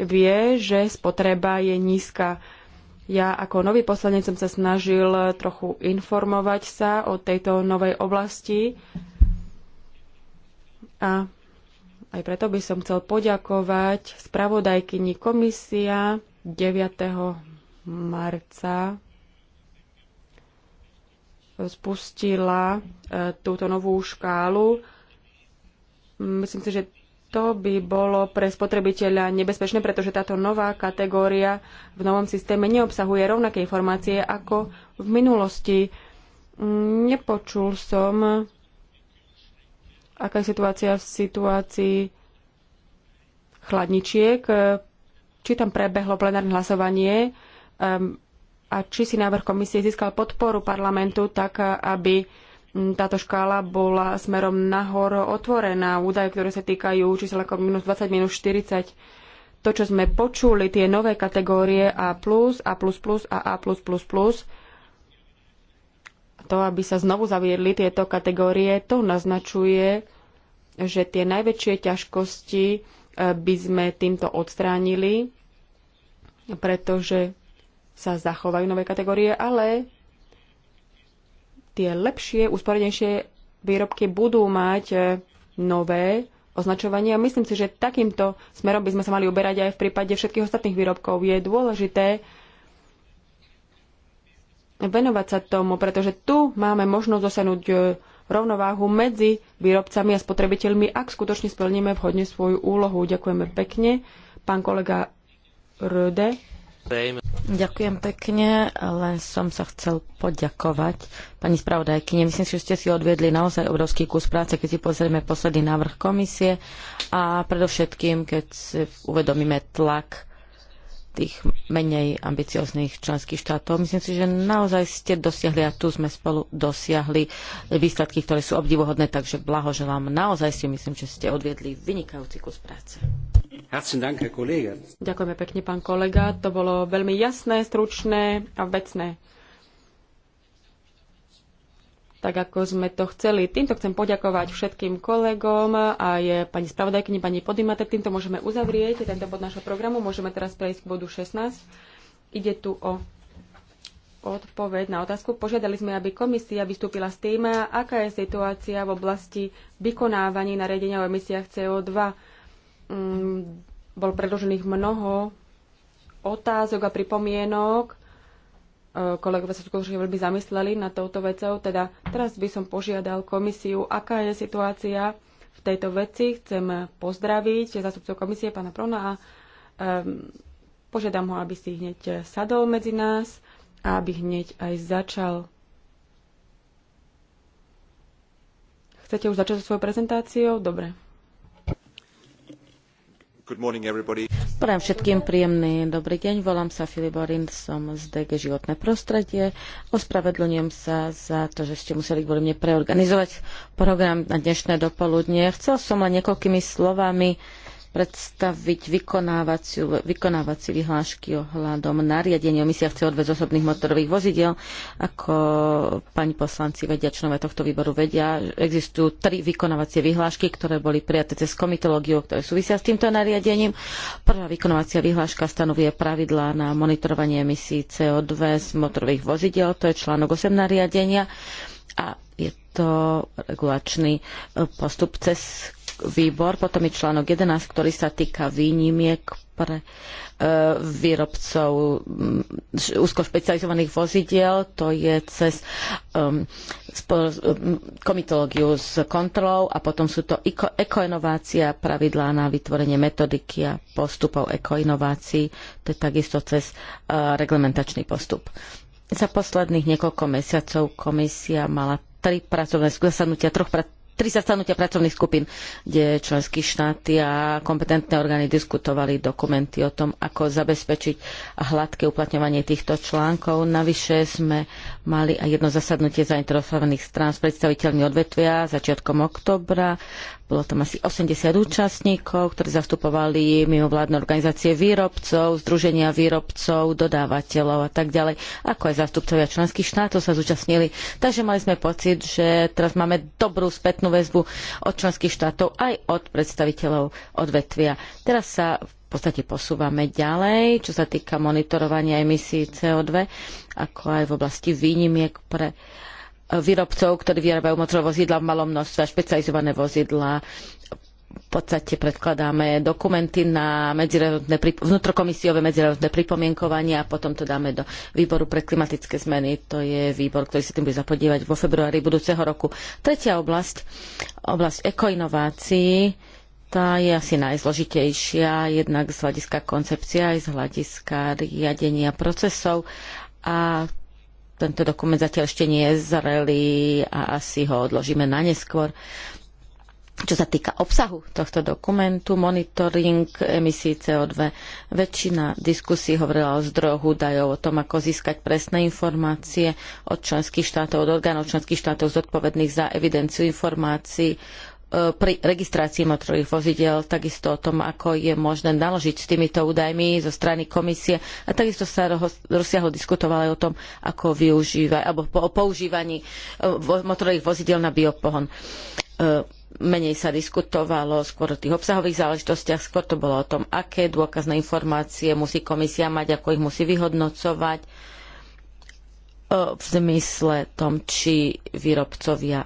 vie, že spotreba je nízka. Ja ako nový poslanec som sa snažil eh, trochu informovať sa o tejto novej oblasti a aj preto by som chcel poďakovať spravodajkyni komisia 9 marca spustila e, túto novú škálu. Myslím si, že to by bolo pre spotrebiteľa nebezpečné, pretože táto nová kategória v novom systéme neobsahuje rovnaké informácie ako v minulosti. Nepočul som, aká je situácia v situácii chladničiek, či tam prebehlo plenárne hlasovanie Ehm, a či si návrh komisie získal podporu parlamentu tak, aby táto škála bola smerom nahor otvorená. Údaje, ktoré sa týkajú čísel ako minus 20, minus 40, to, čo sme počuli, tie nové kategórie A+, A++, a A+++, to, aby sa znovu zaviedli tieto kategórie, to naznačuje, že tie najväčšie ťažkosti e, by sme týmto odstránili, pretože sa zachovajú nové kategórie, ale tie lepšie, úspornejšie výrobky budú mať e, nové označovanie a myslím si, že takýmto smerom by sme sa mali uberať aj v prípade všetkých ostatných výrobkov. Je dôležité venovať sa tomu, pretože tu máme možnosť dosiahnuť e, rovnováhu medzi výrobcami a spotrebiteľmi, ak skutočne splníme vhodne svoju úlohu. Ďakujeme pekne. Pán kolega Röde. Same. Ďakujem pekne, len som sa chcel poďakovať pani spravodajky. Myslím si, že ste si odviedli naozaj obrovský kus práce, keď si pozrieme posledný návrh komisie a predovšetkým, keď si uvedomíme tlak tých menej ambicióznych členských štátov. Myslím si, že naozaj ste dosiahli a tu sme spolu dosiahli výsledky, ktoré sú obdivuhodné, takže blahoželám. Naozaj si myslím, že ste odviedli vynikajúci kus práce. Ďakujeme pekne, pán kolega. To bolo veľmi jasné, stručné a vecné. Tak ako sme to chceli. Týmto chcem poďakovať všetkým kolegom a je pani spravodajkyni, pani Podimate. Týmto môžeme uzavrieť tento bod našho programu. Môžeme teraz prejsť k bodu 16. Ide tu o odpoveď na otázku. Požiadali sme, aby komisia vystúpila s tým, aká je situácia v oblasti vykonávania nariadenia o emisiách CO2 Mm, bol predložených mnoho otázok a pripomienok. E, kolegovia sa skutočne veľmi zamysleli nad touto vecou, teda teraz by som požiadal komisiu, aká je situácia v tejto veci. Chcem pozdraviť zástupcov komisie, pána Prona, a um, požiadam ho, aby si hneď sadol medzi nás a aby hneď aj začal. Chcete už začať so svojou prezentáciou? Dobre. Prajem všetkým príjemný dobrý deň. Volám sa Filip Orin, som z DG Životné prostredie. Ospravedlňujem sa za to, že ste museli kvôli mne preorganizovať program na dnešné dopoludnie. Chcel som len niekoľkými slovami predstaviť vykonávací vyhlášky ohľadom nariadenia o misiach CO2 z osobných motorových vozidiel. Ako pani poslanci vedia, členové tohto výboru vedia, existujú tri vykonávacie vyhlášky, ktoré boli prijaté cez komitológiu, ktoré súvisia s týmto nariadením. Prvá vykonávacia vyhláška stanovuje pravidlá na monitorovanie emisí CO2 z motorových vozidiel, to je článok 8 nariadenia a je to regulačný postup, cez výbor, potom je článok 11, ktorý sa týka výnimiek pre e, výrobcov úzko špecializovaných vozidiel, to je cez um, spol, um, komitológiu s kontrolou a potom sú to eko, ekoinovácia, pravidlá na vytvorenie metodiky a postupov ekoinovácií, to je takisto cez uh, reglementačný postup. Za posledných niekoľko mesiacov komisia mala tri pracovné zasadnutia troch pracovných 30 stanutia pracovných skupín, kde členské štáty a kompetentné orgány diskutovali dokumenty o tom, ako zabezpečiť hladké uplatňovanie týchto článkov. Navyše sme mali aj jedno zasadnutie zainteresovaných strán s predstaviteľmi odvetvia začiatkom oktobra bolo tam asi 80 účastníkov, ktorí zastupovali mimovládne organizácie výrobcov, združenia výrobcov, dodávateľov a tak ďalej, ako aj zástupcovia členských štátov sa zúčastnili. Takže mali sme pocit, že teraz máme dobrú spätnú väzbu od členských štátov aj od predstaviteľov odvetvia. Teraz sa v podstate posúvame ďalej, čo sa týka monitorovania emisí CO2, ako aj v oblasti výnimiek pre uh, výrobcov, ktorí vyrábajú motorové vozidla v malom množstve, špecializované vozidlá. V podstate predkladáme dokumenty na vnútrokomisiové medzinárodné pripomienkovanie a potom to dáme do výboru pre klimatické zmeny. To je výbor, ktorý sa tým bude zapodívať vo februári budúceho roku. Tretia oblasť, oblasť ekoinovácií, tá je asi najzložitejšia, jednak z hľadiska koncepcia aj z hľadiska riadenia procesov a tento dokument zatiaľ ešte nie je zrelý a asi ho odložíme na neskôr. Čo sa týka obsahu tohto dokumentu, monitoring emisí CO2, väčšina diskusí hovorila o zdrohu, údajov, o tom, ako získať presné informácie od členských štátov, od orgánov členských štátov zodpovedných za evidenciu informácií E, pri registrácii motorových vozidiel, takisto o tom, ako je možné naložiť s týmito údajmi zo strany komisie a takisto sa rozsiahlo diskutovalo aj o tom, ako využívať alebo po, o používaní e, motorových vozidiel na biopohon. E, menej sa diskutovalo skôr o tých obsahových záležitostiach, skôr to bolo o tom, aké dôkazné informácie musí komisia mať, ako ich musí vyhodnocovať v zmysle tom, či výrobcovia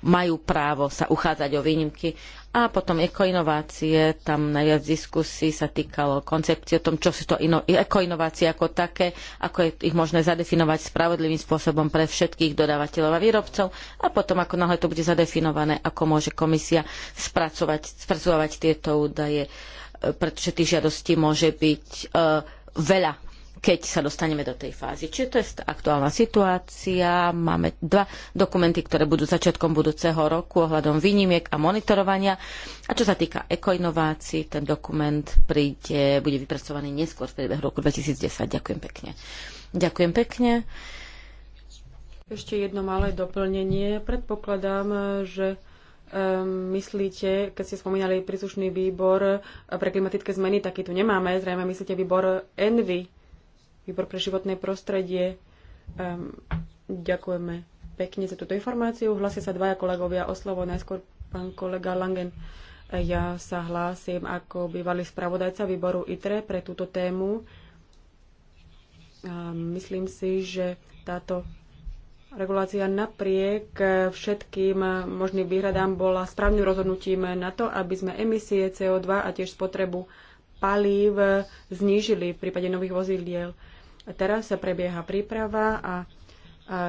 majú právo sa uchádzať o výnimky. A potom ekoinovácie, tam najviac diskusí sa týkalo koncepcie o tom, čo sú to ino- ekoinovácie ako také, ako je ich možné zadefinovať spravodlivým spôsobom pre všetkých dodávateľov a výrobcov a potom ako náhle to bude zadefinované, ako môže komisia spracovať, spracovať tieto údaje, pretože tých žiadostí môže byť e, veľa keď sa dostaneme do tej fázy. Čiže to je aktuálna situácia. Máme dva dokumenty, ktoré budú začiatkom budúceho roku ohľadom výnimiek a monitorovania. A čo sa týka ekoinovácií, ten dokument príde, bude vypracovaný neskôr v priebehu roku 2010. Ďakujem pekne. Ďakujem pekne. Ešte jedno malé doplnenie. Predpokladám, že myslíte, keď ste spomínali príslušný výbor pre klimatické zmeny, taký tu nemáme, zrejme myslíte výbor Envy. Výbor pre životné prostredie. Um, ďakujeme pekne za túto informáciu. Hlasia sa dvaja kolegovia o slovo. Najskôr pán kolega Langen. Ja sa hlásim ako bývalý spravodajca výboru ITRE pre túto tému. A myslím si, že táto regulácia napriek všetkým možným výhradám bola správnym rozhodnutím na to, aby sme emisie CO2 a tiež spotrebu palív znížili v prípade nových vozidiel. Teraz sa prebieha príprava a, a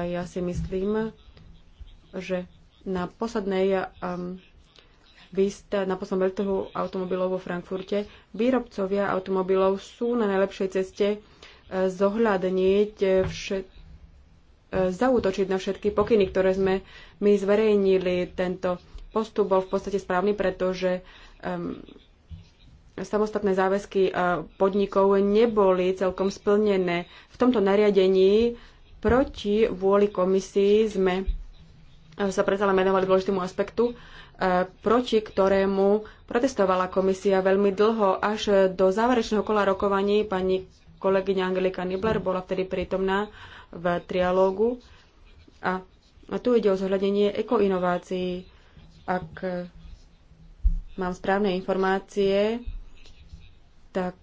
ja si myslím, že na poslednej um, výsta- na poslednom veľtrhu automobilov vo Frankfurte výrobcovia automobilov sú na najlepšej ceste e, zohľadniť e, všet- e, zautočiť na všetky pokyny, ktoré sme my zverejnili. Tento postup bol v podstate správny, pretože um, samostatné záväzky eh, podnikov neboli celkom splnené. V tomto nariadení proti vôli komisii sme eh, sa predsa len menovali dôležitému aspektu, eh, proti ktorému protestovala komisia veľmi dlho. Až do záverečného kola rokovaní pani kolegyňa Angelika Nibler bola vtedy prítomná v trialógu. A, a tu ide o zohľadenie ekoinovácií. Ak mám správne informácie, tak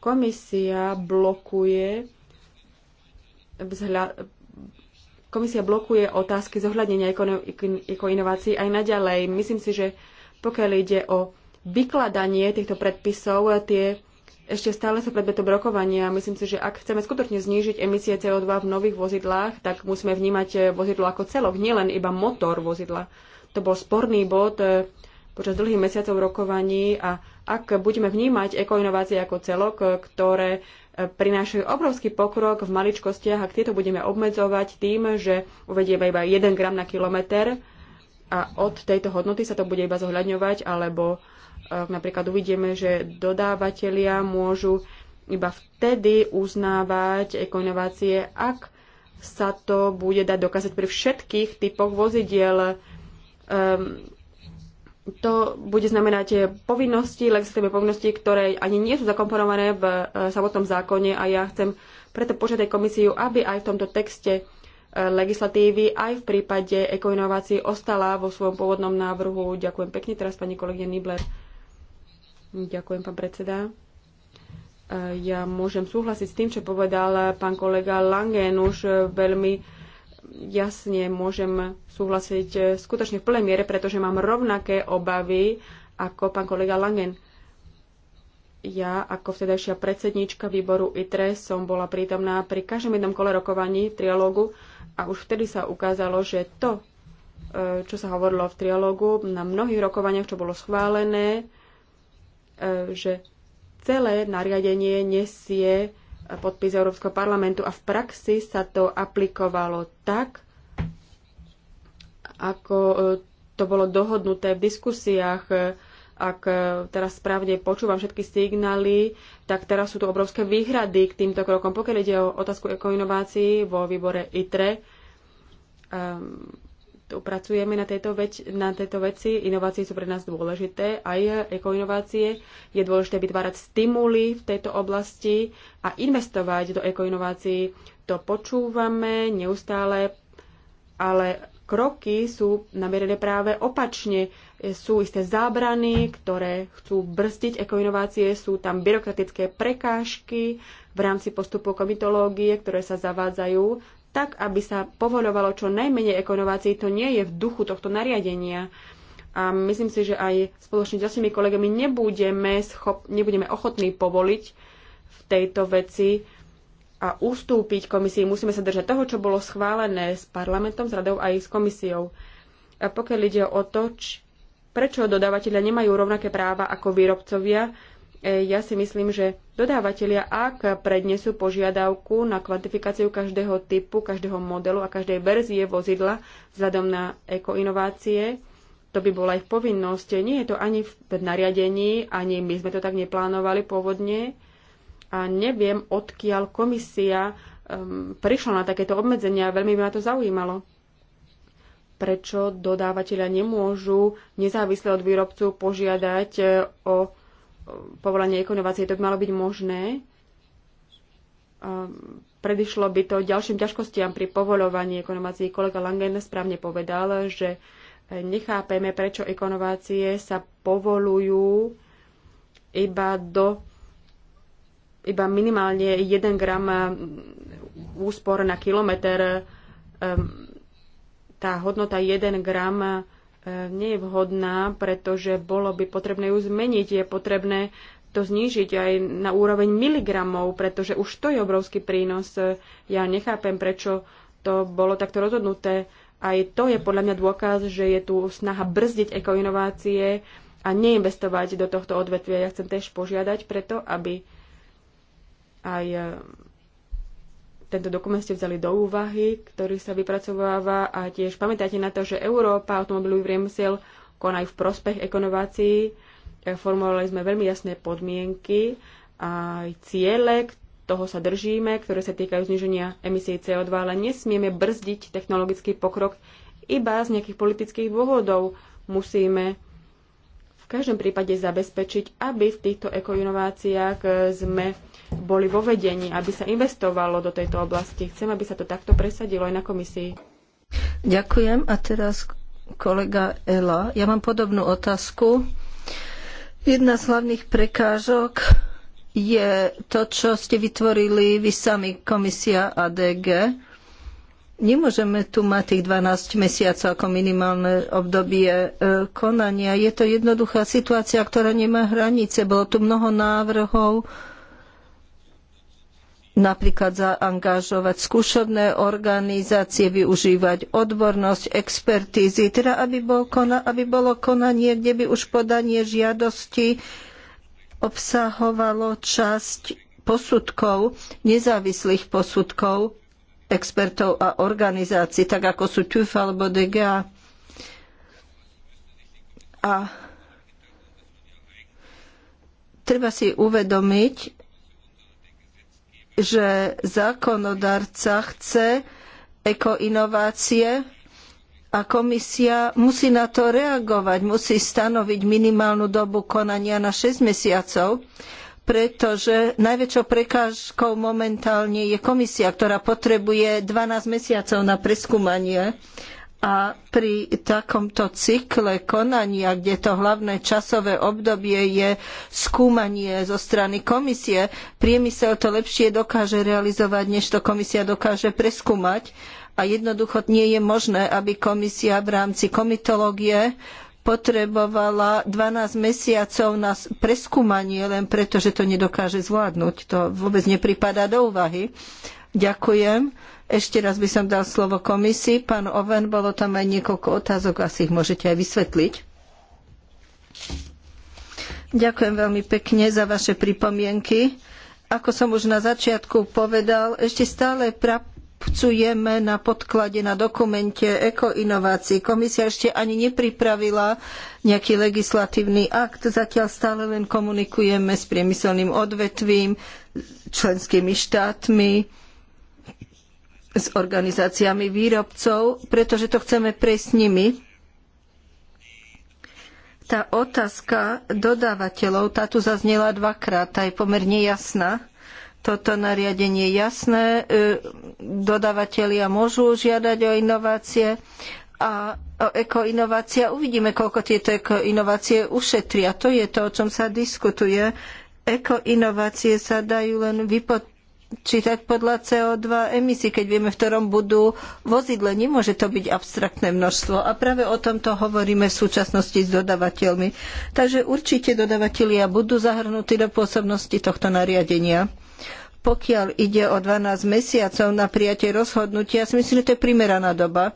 komisia blokuje vzhľad, komisia blokuje otázky zohľadnenia ekoinovácií aj naďalej. Myslím si, že pokiaľ ide o vykladanie týchto predpisov, tie ešte stále sú predmetom rokovania. Myslím si, že ak chceme skutočne znížiť emisie CO2 v nových vozidlách, tak musíme vnímať vozidlo ako celok, nielen iba motor vozidla. To bol sporný bod eh, počas dlhých mesiacov rokovaní a ak budeme vnímať ekoinovácie ako celok, ktoré e, prinášajú obrovský pokrok v maličkostiach, ak tieto budeme obmedzovať tým, že uvedieme iba 1 gram na kilometr a od tejto hodnoty sa to bude iba zohľadňovať, alebo e, napríklad uvidíme, že dodávateľia môžu iba vtedy uznávať ekoinovácie, ak sa to bude dať dokázať pri všetkých typoch vozidiel. Ehm, to bude znamenať eh, povinnosti, legislatívne povinnosti, ktoré ani nie sú zakomponované v eh, samotnom zákone a ja chcem preto požiadať komisiu, aby aj v tomto texte eh, legislatívy aj v prípade ekoinovácií ostala vo svojom pôvodnom návrhu. Ďakujem pekne teraz pani kolegyne Nibler. Ďakujem, pán predseda. Ja môžem súhlasiť s tým, čo povedal pán kolega Langen už veľmi jasne môžem súhlasiť e, skutočne v plnej miere, pretože mám rovnaké obavy ako pán kolega Langen. Ja ako vtedajšia predsedníčka výboru ITRE som bola prítomná pri každom jednom kole rokovaní v trialógu a už vtedy sa ukázalo, že to, e, čo sa hovorilo v trialógu, na mnohých rokovaniach, čo bolo schválené, e, že celé nariadenie nesie podpis Európskeho parlamentu a v praxi sa to aplikovalo tak, ako e, to bolo dohodnuté v diskusiách. E, ak e, teraz správne počúvam všetky signály, tak teraz sú tu obrovské výhrady k týmto krokom. Pokiaľ ide o otázku ekoinovácií vo výbore ITRE, um, tu pracujeme na tejto, več, na tejto veci. Inovácie sú pre nás dôležité, aj ekoinovácie. Je dôležité vytvárať stimuly v tejto oblasti a investovať do ekoinovácií. To počúvame neustále, ale kroky sú namerené práve opačne. Sú isté zábrany, ktoré chcú brzdiť ekoinovácie, sú tam byrokratické prekážky v rámci postupov komitológie, ktoré sa zavádzajú tak aby sa povoľovalo čo najmenej ekonovácií. To nie je v duchu tohto nariadenia. A myslím si, že aj spoločne s ďalšími kolegami nebudeme, schop, nebudeme ochotní povoliť v tejto veci a ustúpiť komisii. Musíme sa držať toho, čo bolo schválené s parlamentom, s radou aj s komisiou. A pokiaľ ide o to, prečo dodávateľia nemajú rovnaké práva ako výrobcovia, ja si myslím, že dodávateľia, ak prednesú požiadavku na kvantifikáciu každého typu, každého modelu a každej verzie vozidla vzhľadom na ekoinovácie, to by bola ich povinnosť. Nie je to ani v nariadení, ani my sme to tak neplánovali pôvodne. A neviem, odkiaľ komisia um, prišla na takéto obmedzenia. Veľmi by ma to zaujímalo. Prečo dodávateľia nemôžu nezávisle od výrobcu požiadať eh, o Povolanie ekonovácie, to by malo byť možné. Ehm, predišlo by to ďalším ťažkostiam pri povolovaní ekonomácií. Kolega Langen správne povedal, že nechápeme, prečo ekonovácie sa povolujú iba do iba minimálne 1 gram ehm, úspor na kilometr. Ehm, tá hodnota 1 gram nie je vhodná, pretože bolo by potrebné ju zmeniť. Je potrebné to znížiť aj na úroveň miligramov, pretože už to je obrovský prínos. Ja nechápem, prečo to bolo takto rozhodnuté. Aj to je podľa mňa dôkaz, že je tu snaha brzdiť ekoinovácie a neinvestovať do tohto odvetvia. Ja chcem tiež požiadať preto, aby aj tento dokument ste vzali do úvahy, ktorý sa vypracováva a tiež pamätáte na to, že Európa, automobilový priemysel konajú v prospech ekonovácií. E, formulovali sme veľmi jasné podmienky a aj ciele, toho sa držíme, ktoré sa týkajú zniženia emisí CO2, ale nesmieme brzdiť technologický pokrok iba z nejakých politických dôvodov. Musíme v každom prípade zabezpečiť, aby v týchto ekoinováciách e, sme boli vo vedení, aby sa investovalo do tejto oblasti. Chcem, aby sa to takto presadilo aj na komisii. Ďakujem. A teraz kolega Ela. Ja mám podobnú otázku. Jedna z hlavných prekážok je to, čo ste vytvorili vy sami, komisia ADG. Nemôžeme tu mať tých 12 mesiacov ako minimálne obdobie e, konania. Je to jednoduchá situácia, ktorá nemá hranice. Bolo tu mnoho návrhov, napríklad zaangažovať skúšobné organizácie, využívať odbornosť, expertízy, teda aby, bol kona, aby bolo konanie, kde by už podanie žiadosti obsahovalo časť posudkov, nezávislých posudkov expertov a organizácií, tak ako sú TÜV alebo DGA. A treba si uvedomiť, že zákonodarca chce ekoinovácie a komisia musí na to reagovať, musí stanoviť minimálnu dobu konania na 6 mesiacov, pretože najväčšou prekážkou momentálne je komisia, ktorá potrebuje 12 mesiacov na preskúmanie a pri takomto cykle konania, kde to hlavné časové obdobie je skúmanie zo strany komisie, priemysel to lepšie dokáže realizovať, než to komisia dokáže preskúmať. A jednoducho nie je možné, aby komisia v rámci komitológie potrebovala 12 mesiacov na preskúmanie len preto, že to nedokáže zvládnuť. To vôbec nepripadá do úvahy. Ďakujem. Ešte raz by som dal slovo komisii. Pán Oven, bolo tam aj niekoľko otázok, asi ich môžete aj vysvetliť. Ďakujem veľmi pekne za vaše pripomienky. Ako som už na začiatku povedal, ešte stále pracujeme na podklade, na dokumente ekoinovácií. Komisia ešte ani nepripravila nejaký legislatívny akt, zatiaľ stále len komunikujeme s priemyselným odvetvím, členskými štátmi, s organizáciami výrobcov, pretože to chceme prejsť s nimi. Tá otázka dodávateľov, tá tu zaznela dvakrát, tá je pomerne jasná. Toto nariadenie je jasné, e, dodávateľia môžu žiadať o inovácie a o ekoinovácia. Uvidíme, koľko tieto ekoinovácie ušetria. To je to, o čom sa diskutuje. Ekoinovácie sa dajú len vypočítať čítať podľa CO2 emisí, keď vieme, v ktorom budú vozidle. Nemôže to byť abstraktné množstvo. A práve o tomto hovoríme v súčasnosti s dodavateľmi. Takže určite dodavatelia budú zahrnutí do pôsobnosti tohto nariadenia. Pokiaľ ide o 12 mesiacov na prijatie rozhodnutia, ja si myslím, že to je primeraná doba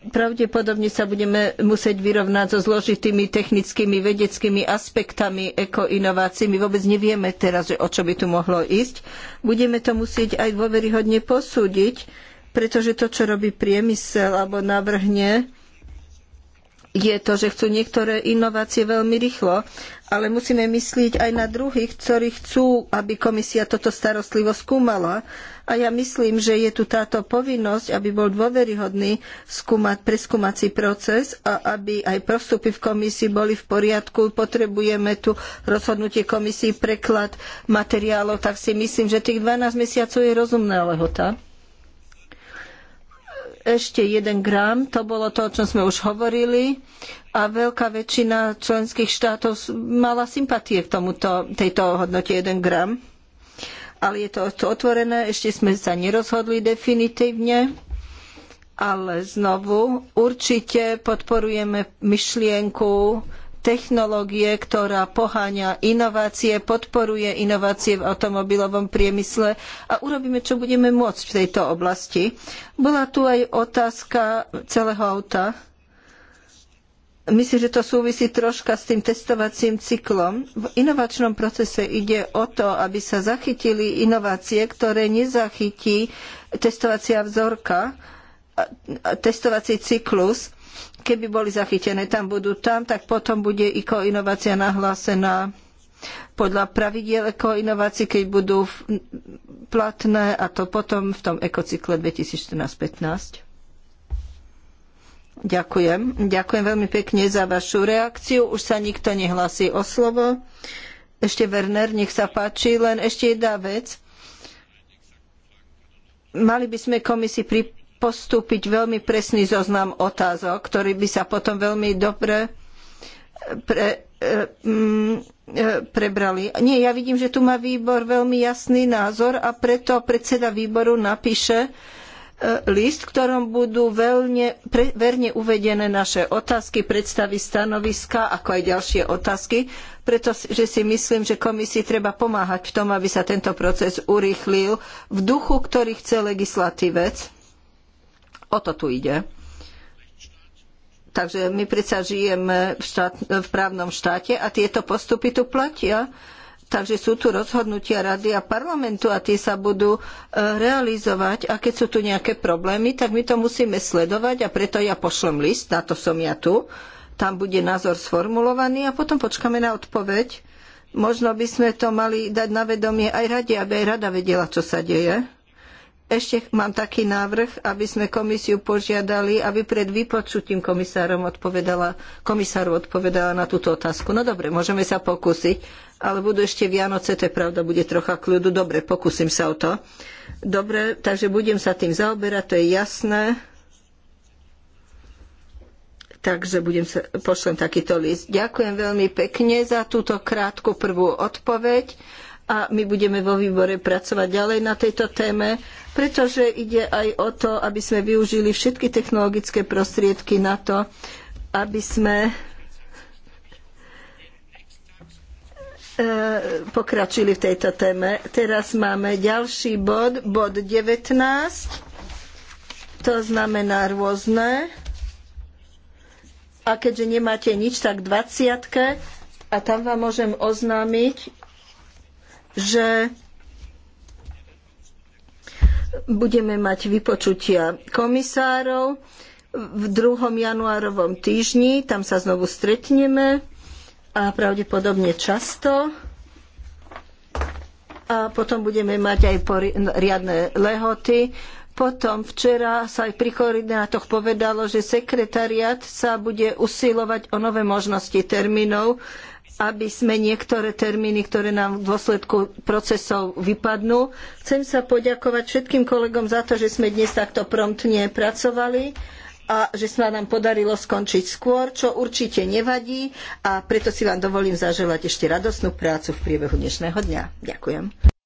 Pravdepodobne sa budeme musieť vyrovnať so zložitými technickými vedeckými aspektami ekoinovácií. My vôbec nevieme teraz, o čo by tu mohlo ísť. Budeme to musieť aj dôveryhodne posúdiť, pretože to, čo robí priemysel alebo navrhne, je to, že chcú niektoré inovácie veľmi rýchlo, ale musíme myslieť aj na druhých, ktorí chcú, aby komisia toto starostlivo skúmala. A ja myslím, že je tu táto povinnosť, aby bol dôveryhodný skúmať preskúmací proces a aby aj postupy v komisii boli v poriadku. Potrebujeme tu rozhodnutie komisii, preklad materiálov, tak si myslím, že tých 12 mesiacov je rozumná lehota ešte jeden gram, to bolo to, o čom sme už hovorili a veľká väčšina členských štátov mala sympatie k tomuto, tejto hodnote 1 gram. Ale je to otvorené, ešte sme sa nerozhodli definitívne, ale znovu určite podporujeme myšlienku technológie, ktorá poháňa inovácie, podporuje inovácie v automobilovom priemysle a urobíme, čo budeme môcť v tejto oblasti. Bola tu aj otázka celého auta. Myslím, že to súvisí troška s tým testovacím cyklom. V inovačnom procese ide o to, aby sa zachytili inovácie, ktoré nezachytí testovacia vzorka, testovací cyklus keby boli zachytené, tam budú tam, tak potom bude i koinovácia nahlásená podľa pravidiel koinovácií, keď budú platné a to potom v tom ekocykle 2014-15. Ďakujem. Ďakujem veľmi pekne za vašu reakciu. Už sa nikto nehlasí o slovo. Ešte Werner, nech sa páči. Len ešte jedna vec. Mali by sme komisii pri postúpiť veľmi presný zoznam otázok, ktorý by sa potom veľmi dobre pre, e, mm, e, prebrali. Nie, ja vidím, že tu má výbor veľmi jasný názor a preto predseda výboru napíše e, list, v ktorom budú veľne, pre, verne uvedené naše otázky, predstavy stanoviska, ako aj ďalšie otázky, pretože si myslím, že komisii treba pomáhať v tom, aby sa tento proces urýchlil v duchu, ktorý chce legislatívec O to tu ide. Takže my predsa žijeme v, štát, v právnom štáte a tieto postupy tu platia. Takže sú tu rozhodnutia rady a parlamentu a tie sa budú e, realizovať. A keď sú tu nejaké problémy, tak my to musíme sledovať a preto ja pošlem list, na to som ja tu. Tam bude názor sformulovaný a potom počkáme na odpoveď. Možno by sme to mali dať na vedomie aj rade, aby aj rada vedela, čo sa deje. Ešte mám taký návrh, aby sme komisiu požiadali, aby pred vypočutím komisárom odpovedala, odpovedala na túto otázku. No dobre, môžeme sa pokúsiť, ale budú ešte Vianoce, to je pravda, bude trocha kľudu. Dobre, pokúsim sa o to. Dobre, takže budem sa tým zaoberať, to je jasné. Takže budem sa, pošlem takýto list. Ďakujem veľmi pekne za túto krátku prvú odpoveď a my budeme vo výbore pracovať ďalej na tejto téme, pretože ide aj o to, aby sme využili všetky technologické prostriedky na to, aby sme e, pokračili v tejto téme. Teraz máme ďalší bod, bod 19. To znamená rôzne. A keďže nemáte nič, tak 20. A tam vám môžem oznámiť, že budeme mať vypočutia komisárov v 2. januárovom týždni, tam sa znovu stretneme a pravdepodobne často. A potom budeme mať aj riadne lehoty. Potom včera sa aj pri koordinátoch povedalo, že sekretariat sa bude usilovať o nové možnosti termínov, aby sme niektoré termíny, ktoré nám v dôsledku procesov vypadnú. Chcem sa poďakovať všetkým kolegom za to, že sme dnes takto promptne pracovali a že sa nám podarilo skončiť skôr, čo určite nevadí a preto si vám dovolím zaželať ešte radosnú prácu v priebehu dnešného dňa. Ďakujem.